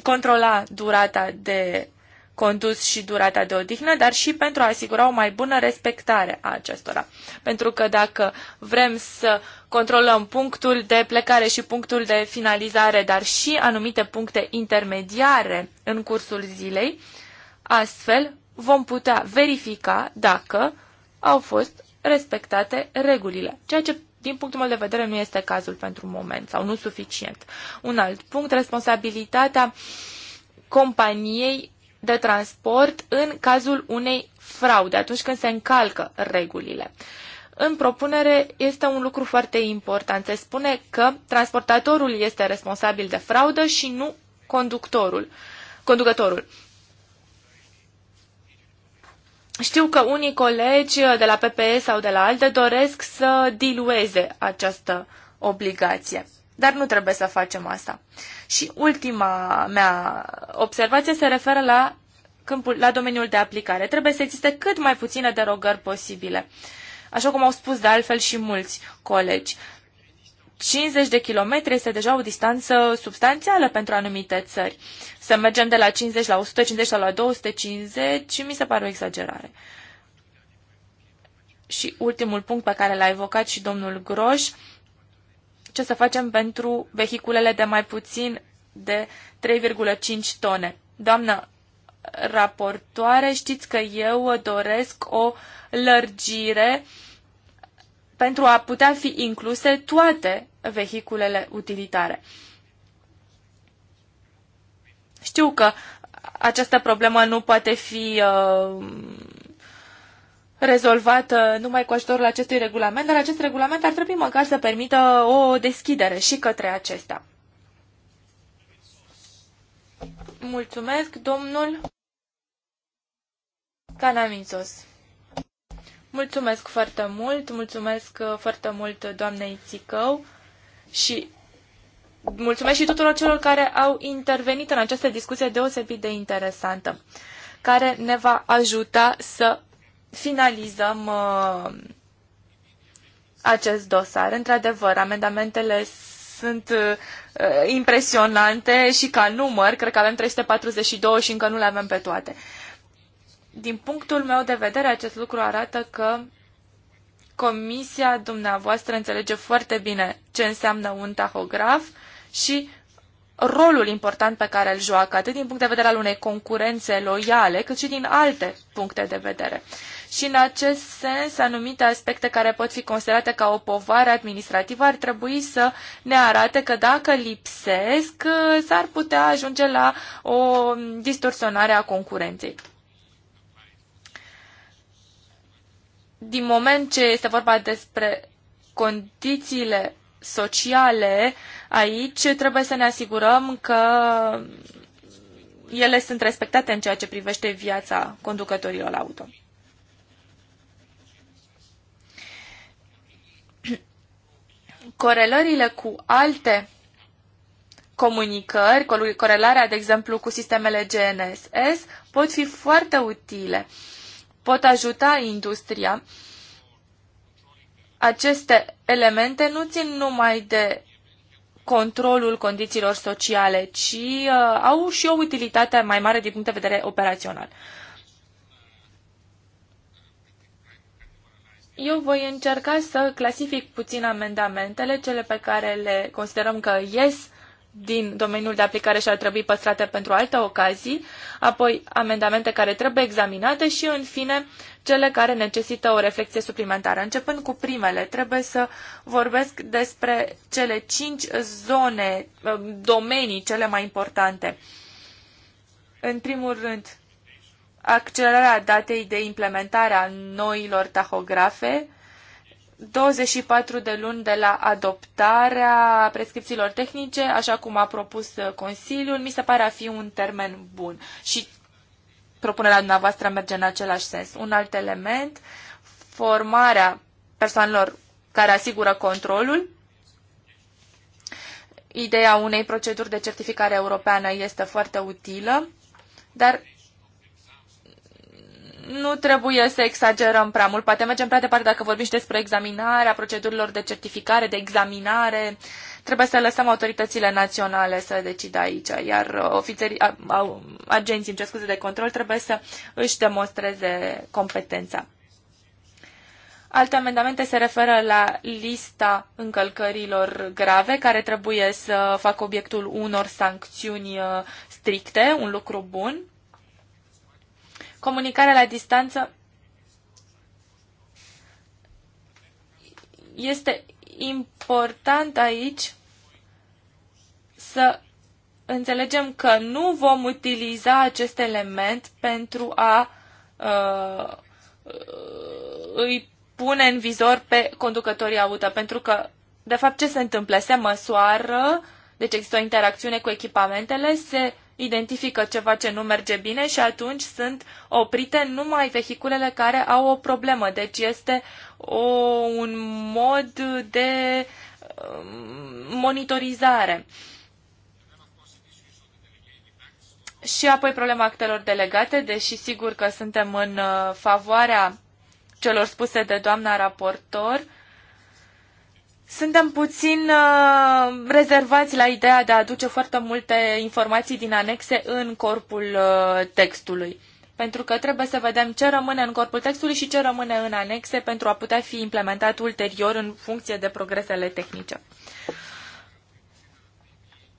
controla durata de condus și durata de odihnă, dar și pentru a asigura o mai bună respectare a acestora. Pentru că dacă vrem să controlăm punctul de plecare și punctul de finalizare, dar și anumite puncte intermediare în cursul zilei, astfel vom putea verifica dacă au fost respectate regulile, ceea ce din punctul meu de vedere nu este cazul pentru moment sau nu suficient. Un alt punct, responsabilitatea companiei de transport în cazul unei fraude, atunci când se încalcă regulile. În propunere este un lucru foarte important. Se spune că transportatorul este responsabil de fraudă și nu conductorul. Conducătorul. Știu că unii colegi uh, de la PPE sau de la alte doresc să dilueze această obligație. Dar nu trebuie să facem asta. Și ultima mea observație se referă la, câmpul, la domeniul de aplicare. Trebuie să existe cât mai puține derogări posibile, așa cum au spus de altfel și mulți colegi. 50 de kilometri este deja o distanță substanțială pentru anumite țări. Să mergem de la 50 la 150 sau la 250 mi se pare o exagerare. Și ultimul punct pe care l-a evocat și domnul Groș, ce să facem pentru vehiculele de mai puțin de 3,5 tone. Doamnă raportoare, știți că eu doresc o lărgire uh, pentru a putea fi incluse toate vehiculele utilitare. Știu că această problemă nu poate fi uh, rezolvată numai cu ajutorul acestui regulament, dar acest regulament ar trebui măcar să permită o deschidere și către acesta. Mulțumesc, domnul Canamințos. Mulțumesc foarte mult, mulțumesc uh, foarte mult uh, doamnei Țicău și mulțumesc și tuturor celor care au intervenit în această discuție deosebit de interesantă, care ne va ajuta să finalizăm uh, acest dosar. Într-adevăr, amendamentele sunt uh, impresionante și ca număr, cred că avem 342 și încă nu le avem pe toate. Din punctul meu de vedere, acest lucru arată că comisia dumneavoastră înțelege foarte bine ce înseamnă un tahograf și rolul important pe care îl joacă, atât din punct de vedere al unei concurențe loiale, cât și din alte puncte de vedere. Și în acest sens, anumite aspecte care pot fi considerate ca o povară administrativă ar trebui să ne arate că dacă lipsesc, s-ar putea ajunge la o distorsionare a concurenței. din moment ce este vorba despre condițiile sociale aici, trebuie să ne asigurăm că ele sunt respectate în ceea ce privește viața conducătorilor auto. Corelările cu alte comunicări, corelarea, de exemplu, cu sistemele GNSS, pot fi foarte utile. Uh, pot ajuta industria, aceste elemente nu țin numai de controlul condițiilor sociale, ci uh, au și o utilitate mai mare din punct de vedere operațional. Eu voi încerca să clasific puțin amendamentele, cele pe care le considerăm că ies din domeniul de aplicare și ar trebui păstrate pentru alte ocazii, apoi amendamente care trebuie examinate și, în fine, cele care necesită o reflexie suplimentară. Începând cu primele, trebuie să vorbesc despre cele cinci zone, um, domenii cele mai importante. În primul rând, accelerarea datei de implementare a noilor tahografe, 24 de luni de la adoptarea prescripțiilor tehnice, așa cum a propus uh, Consiliul, mi se pare a fi un termen bun. Și propunerea dumneavoastră merge în același sens. Un alt element, formarea persoanelor care asigură controlul. Ideea unei proceduri de certificare europeană este foarte utilă, dar nu trebuie să exagerăm prea mult. Poate mergem prea departe dacă vorbim și despre examinarea procedurilor de certificare, de examinare. Trebuie să lăsăm autoritățile naționale să decidă aici, iar uh, ofițerii, agenții, în cer scuze, de control trebuie să își demonstreze competența. Alte amendamente se referă la lista încălcărilor grave care trebuie să facă obiectul unor sancțiuni uh, stricte, un lucru bun comunicarea la distanță este important aici să înțelegem că nu vom utiliza acest element pentru a uh, uh, îi pune în vizor pe conducătorii auto, pentru că, de fapt, ce se întâmplă? Se măsoară, deci există o interacțiune cu echipamentele, se identifică ceva ce nu merge bine și atunci sunt oprite numai vehiculele care au o problemă. Deci este o, un mod de um, monitorizare. Și apoi problema actelor delegate, deși sigur că suntem în uh, favoarea celor spuse de doamna raportor, uh, suntem puțin uh, rezervați la ideea de a aduce foarte multe informații din anexe în corpul uh, textului. Pentru că trebuie să vedem ce rămâne în corpul textului și ce rămâne în anexe pentru a putea fi implementat ulterior în funcție de progresele tehnice.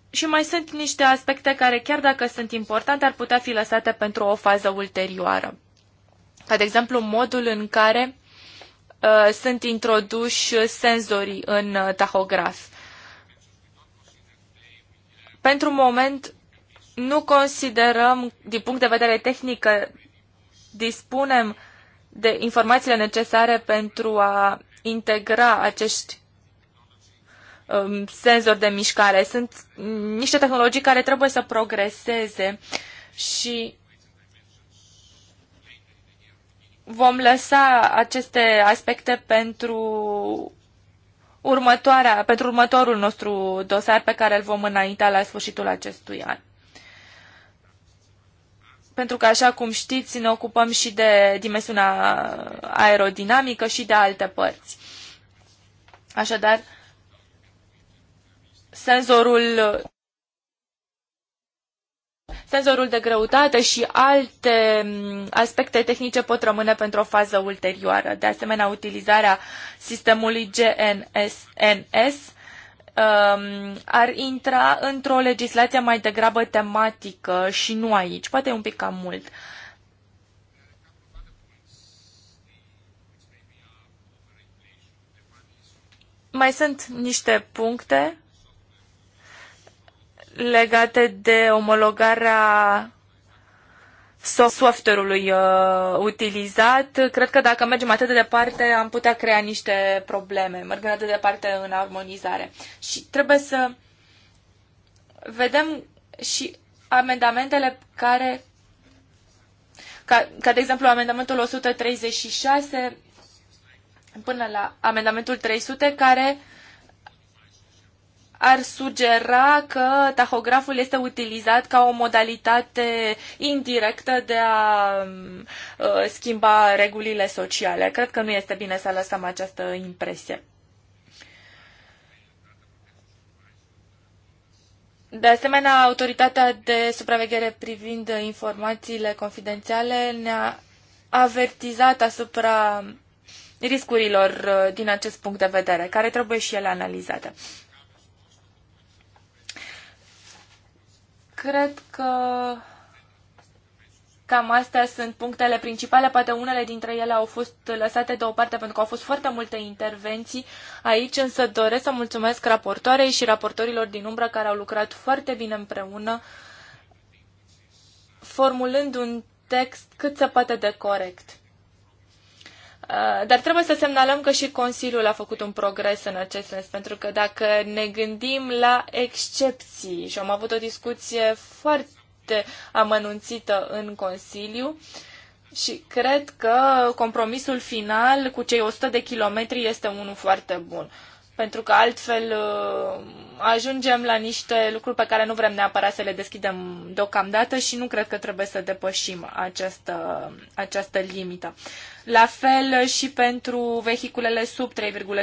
Și mai sunt niște aspecte care, chiar dacă sunt importante, ar putea fi lăsate pentru o fază ulterioară. Ca de exemplu, modul în care Uh, sunt introduși senzorii în uh, tahograf. Pentru moment, nu considerăm, din punct de vedere tehnic, că dispunem de informațiile necesare pentru a integra acești um, senzori de mișcare. Sunt niște tehnologii care trebuie să progreseze și vom lăsa aceste aspecte pentru următoarea, pentru următorul nostru dosar pe care îl vom înainta la sfârșitul acestui an. Pentru că, așa cum știți, ne ocupăm și de dimensiunea aerodinamică și de alte părți. Așadar, senzorul senzorul de greutate și alte mm, aspecte tehnice pot rămâne pentru o fază ulterioară. De asemenea, utilizarea sistemului GNSNS um, ar intra într-o legislație mai degrabă tematică și nu aici. Poate e un pic cam mult. Mai sunt niște puncte legate de omologarea software-ului uh, utilizat. Cred că dacă mergem atât de departe, am putea crea niște probleme, mergând atât de departe în armonizare. Și trebuie să vedem și amendamentele care, ca, ca de exemplu amendamentul 136 până la amendamentul 300, care uh, ar sugera că tahograful este utilizat ca o modalitate indirectă de a uh, schimba regulile sociale. Cred că nu este bine să lăsăm această impresie. De asemenea, autoritatea de supraveghere privind informațiile confidențiale ne-a avertizat asupra riscurilor uh, din acest punct de vedere, care trebuie și ele analizate. Cred că cam astea sunt punctele principale. Poate unele dintre ele au fost lăsate deoparte pentru că au fost foarte multe intervenții aici, însă doresc să mulțumesc raportoarei și raportorilor din umbră care au lucrat foarte bine împreună, formulând un text cât se poate de corect. Uh, dar trebuie să semnalăm că și Consiliul a făcut un progres în acest sens, pentru că dacă ne gândim la excepții, și am avut o discuție foarte amănunțită în Consiliu, și cred că compromisul final cu cei 100 de kilometri este unul foarte bun. Pentru că altfel uh, ajungem la niște lucruri pe care nu vrem neapărat să le deschidem deocamdată și nu cred că trebuie să depășim această, această limită la fel și pentru vehiculele sub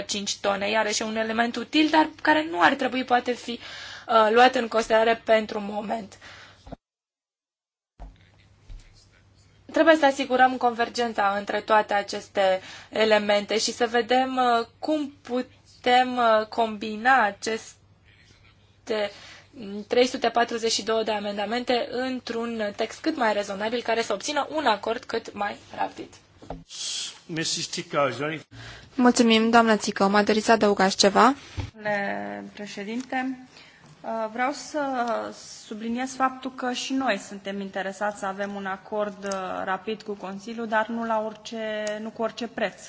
3,5 tone, iarăși un element util, dar care nu ar trebui poate fi uh, luat în considerare pentru moment. Trebuie să asigurăm convergența între toate aceste elemente și să vedem uh, cum putem uh, combina aceste 342 de amendamente într-un text cât mai rezonabil care să obțină un acord cât mai rapid. Mulțumim, doamna Țică. Mă doriți să adăugați ceva? Domnule președinte, uh, vreau să subliniez faptul că și noi suntem interesați să avem un acord uh, rapid cu Consiliul, dar nu, la orice, nu cu orice preț.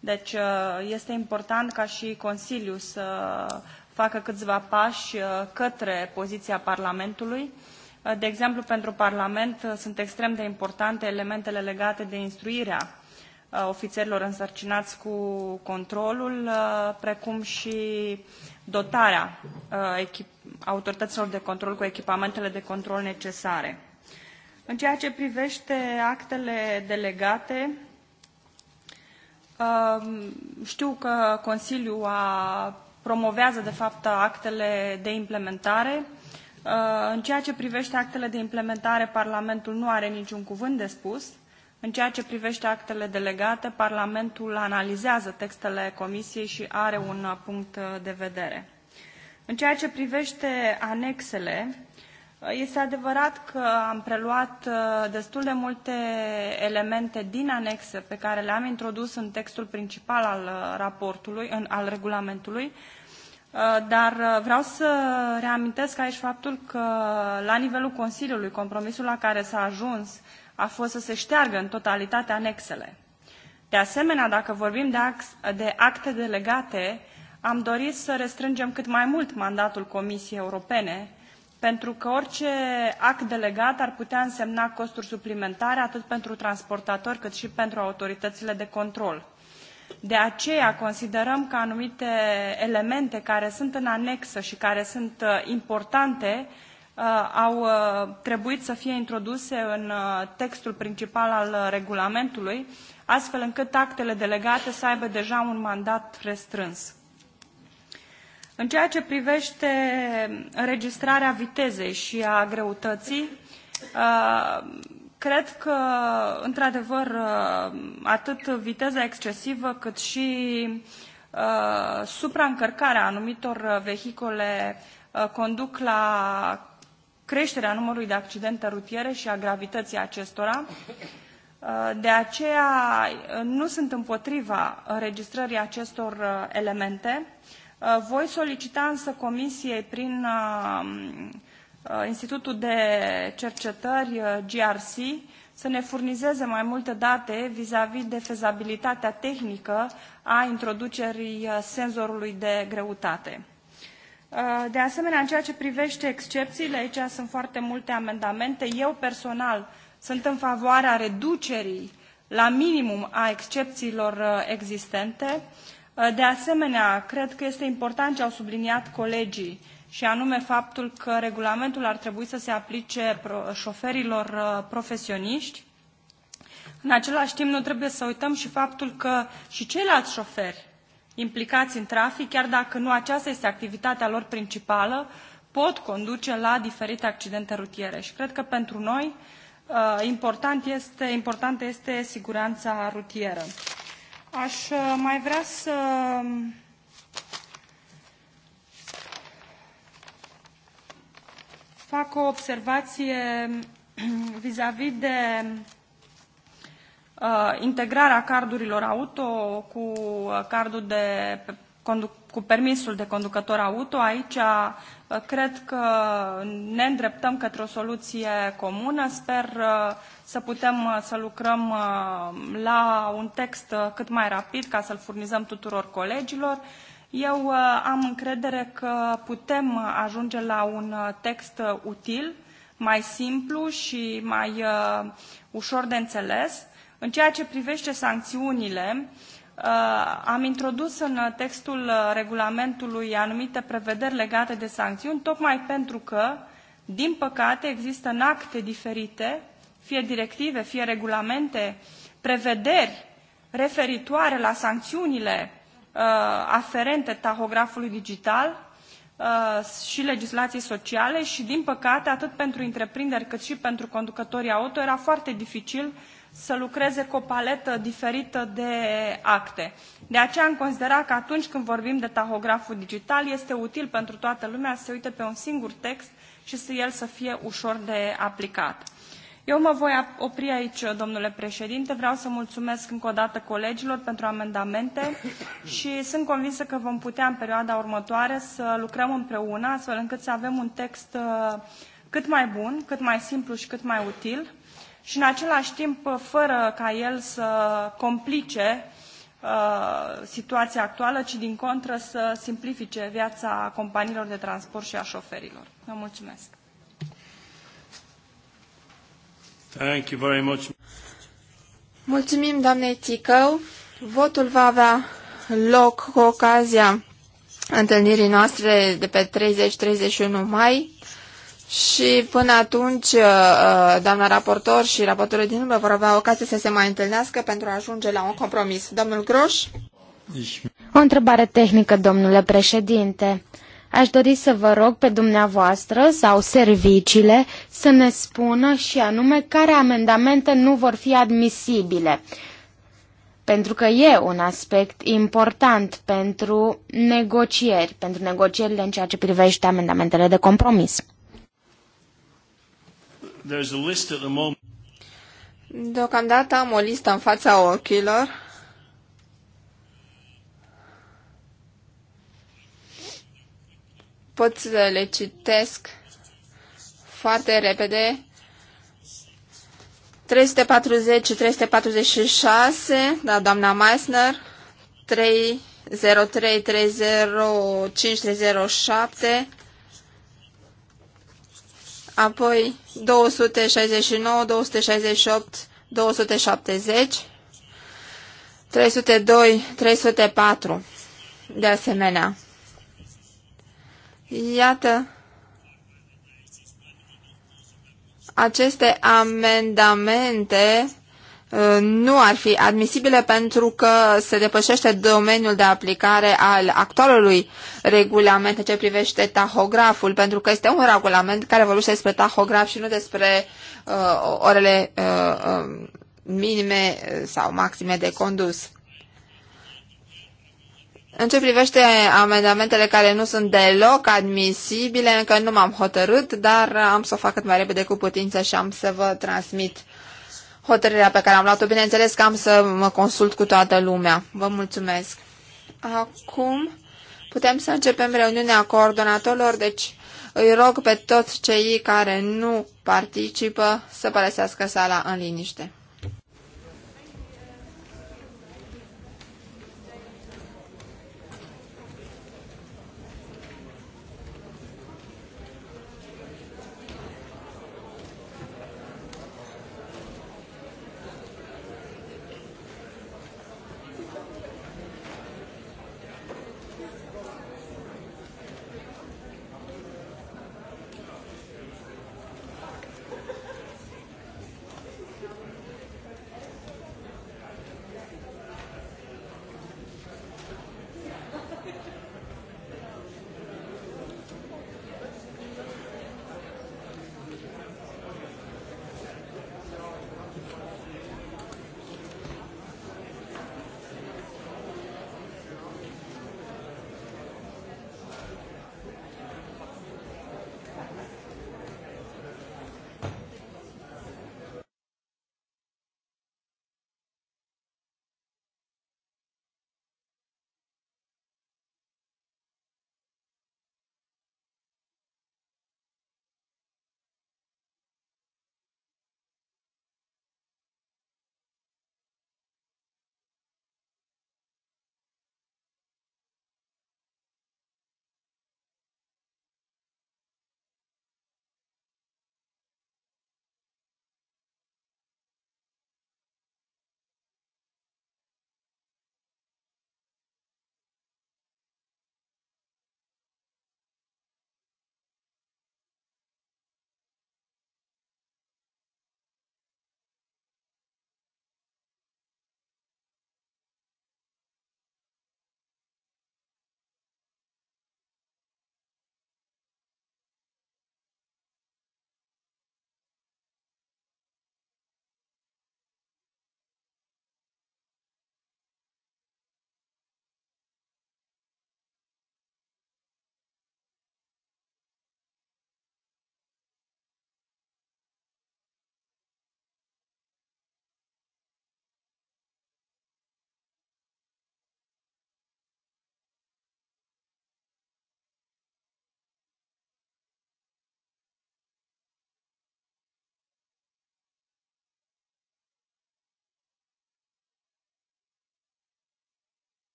Deci uh, este important ca și Consiliul să facă câțiva pași către poziția Parlamentului, de exemplu, pentru Parlament uh, sunt extrem de importante elementele legate de instruirea uh, ofițerilor însărcinați cu controlul, uh, precum și dotarea autorităților de control cu echipamentele de control necesare. În ceea ce privește actele delegate, um, știu că Consiliul a, promovează, de fapt, actele de implementare, Uh, în ceea ce privește actele de implementare, Parlamentul nu are niciun cuvânt de spus. În ceea ce privește actele delegate, Parlamentul analizează textele Comisiei și are un uh, punct uh, de vedere. În ceea ce privește anexele, este adevărat că am preluat destul de multe elemente din anexe pe care le-am introdus în textul principal al raportului, al regulamentului, Uh, dar uh, vreau să reamintesc aici faptul că la nivelul Consiliului compromisul la care s-a ajuns a fost să se șteargă în totalitate anexele. De asemenea, dacă vorbim de, de acte delegate, am dorit să restrângem cât mai mult mandatul Comisiei Europene, pentru că orice act delegat ar putea însemna costuri suplimentare atât pentru transportatori cât și pentru autoritățile de control. De aceea considerăm că anumite elemente care sunt în anexă și care sunt uh, importante uh, au uh, trebuit să fie introduse în textul principal al regulamentului, astfel încât actele delegate să aibă deja un mandat restrâns. În ceea ce privește înregistrarea vitezei și a greutății, Cred că, într-adevăr, uh, atât viteza excesivă cât și uh, supraîncărcarea anumitor uh, vehicule uh, conduc la creșterea numărului de accidente rutiere și a gravității acestora. Uh, de aceea nu sunt împotriva înregistrării acestor elemente. Voi solicita însă Comisiei prin Uh, Institutul de Cercetări uh, GRC să ne furnizeze mai multe date vis-a-vis -vis de fezabilitatea tehnică a introducerii uh, senzorului de greutate. De asemenea, în ceea ce privește excepțiile, aici sunt foarte multe amendamente. Eu personal sunt în favoarea reducerii la minimum a excepțiilor existente. De asemenea, cred că este important ce au subliniat colegii și anume faptul că regulamentul ar trebui să se aplice șoferilor uh, profesioniști. În același timp, nu trebuie să uităm și faptul că și ceilalți șoferi implicați în trafic, chiar dacă nu aceasta este activitatea lor principală, pot conduce la diferite accidente rutiere. Și cred că pentru noi uh, important este, importantă este siguranța rutieră. Aș uh, mai vrea să fac o observație [CLEARS THROAT] vis-a-vis -vis de uh, integrarea cardurilor auto cu uh, cardul de cu permisul de conducător auto. Aici uh, cred că ne îndreptăm către o soluție comună. Sper uh, să putem uh, să lucrăm uh, la un text cât mai rapid ca să-l furnizăm tuturor colegilor. Uh, eu uh, am încredere că putem uh, ajunge la un uh, text util, mai simplu și mai ușor de înțeles. În ceea ce privește sancțiunile, am introdus în textul regulamentului anumite prevederi legate de sancțiuni, tocmai pentru că, din păcate, există în acte diferite, fie directive, fie regulamente, prevederi referitoare la sancțiunile Uh, aferente tahografului digital uh, și legislației sociale și, din păcate, atât pentru întreprinderi cât și pentru conducătorii auto era foarte dificil să lucreze cu o paletă diferită de acte. De aceea am considerat că atunci când vorbim de tahograful digital, este util pentru toată lumea să se uite pe un singur text și să el să fie ușor de aplicat. Eu mă voi opri aici, domnule președinte. Vreau să mulțumesc încă o dată colegilor pentru amendamente și sunt convinsă că vom putea în perioada următoare să lucrăm împreună, astfel încât să avem un text uh, cât mai bun, cât mai simplu și cât mai util și în același timp uh, fără ca el să complice uh, situația actuală, ci din contră să simplifice viața companiilor de transport și a șoferilor. Vă mulțumesc! Thank you very much. Mulțumim, doamne Ticău. Votul va avea loc cu ocazia întâlnirii noastre de pe 30-31 mai și până atunci uh, uh, doamna raportor și raportorul din urmă vor avea ocazie să se mai întâlnească pentru a ajunge la un compromis. Domnul Groș? O întrebare tehnică, domnule președinte. Aș dori să vă rog pe dumneavoastră sau serviciile să ne spună și anume care amendamente nu vor fi admisibile. Pentru că e un aspect important pentru negocieri, pentru negocierile în ceea ce privește amendamentele de compromis. Deocamdată am o listă în fața ochilor pot să le citesc foarte repede. 340-346, da, doamna Meissner, 303 305 307 apoi 269, 268, 270, 302, 304, de asemenea. Iată, aceste amendamente uh, nu ar fi admisibile pentru că se depășește domeniul de aplicare al actualului regulament ce privește tahograful, pentru că este un regulament care vorbește despre tahograf și nu despre uh, orele uh, uh minime sau maxime de condus. În ce privește amendamentele care nu sunt deloc admisibile, încă nu m-am hotărât, dar am să o fac cât mai repede cu putință și am să vă transmit hotărârea pe care am luat-o. Bineînțeles că am să mă consult cu toată lumea. Vă mulțumesc. Acum putem să începem reuniunea coordonatorilor, deci îi rog pe toți cei care nu participă să părăsească sala în liniște.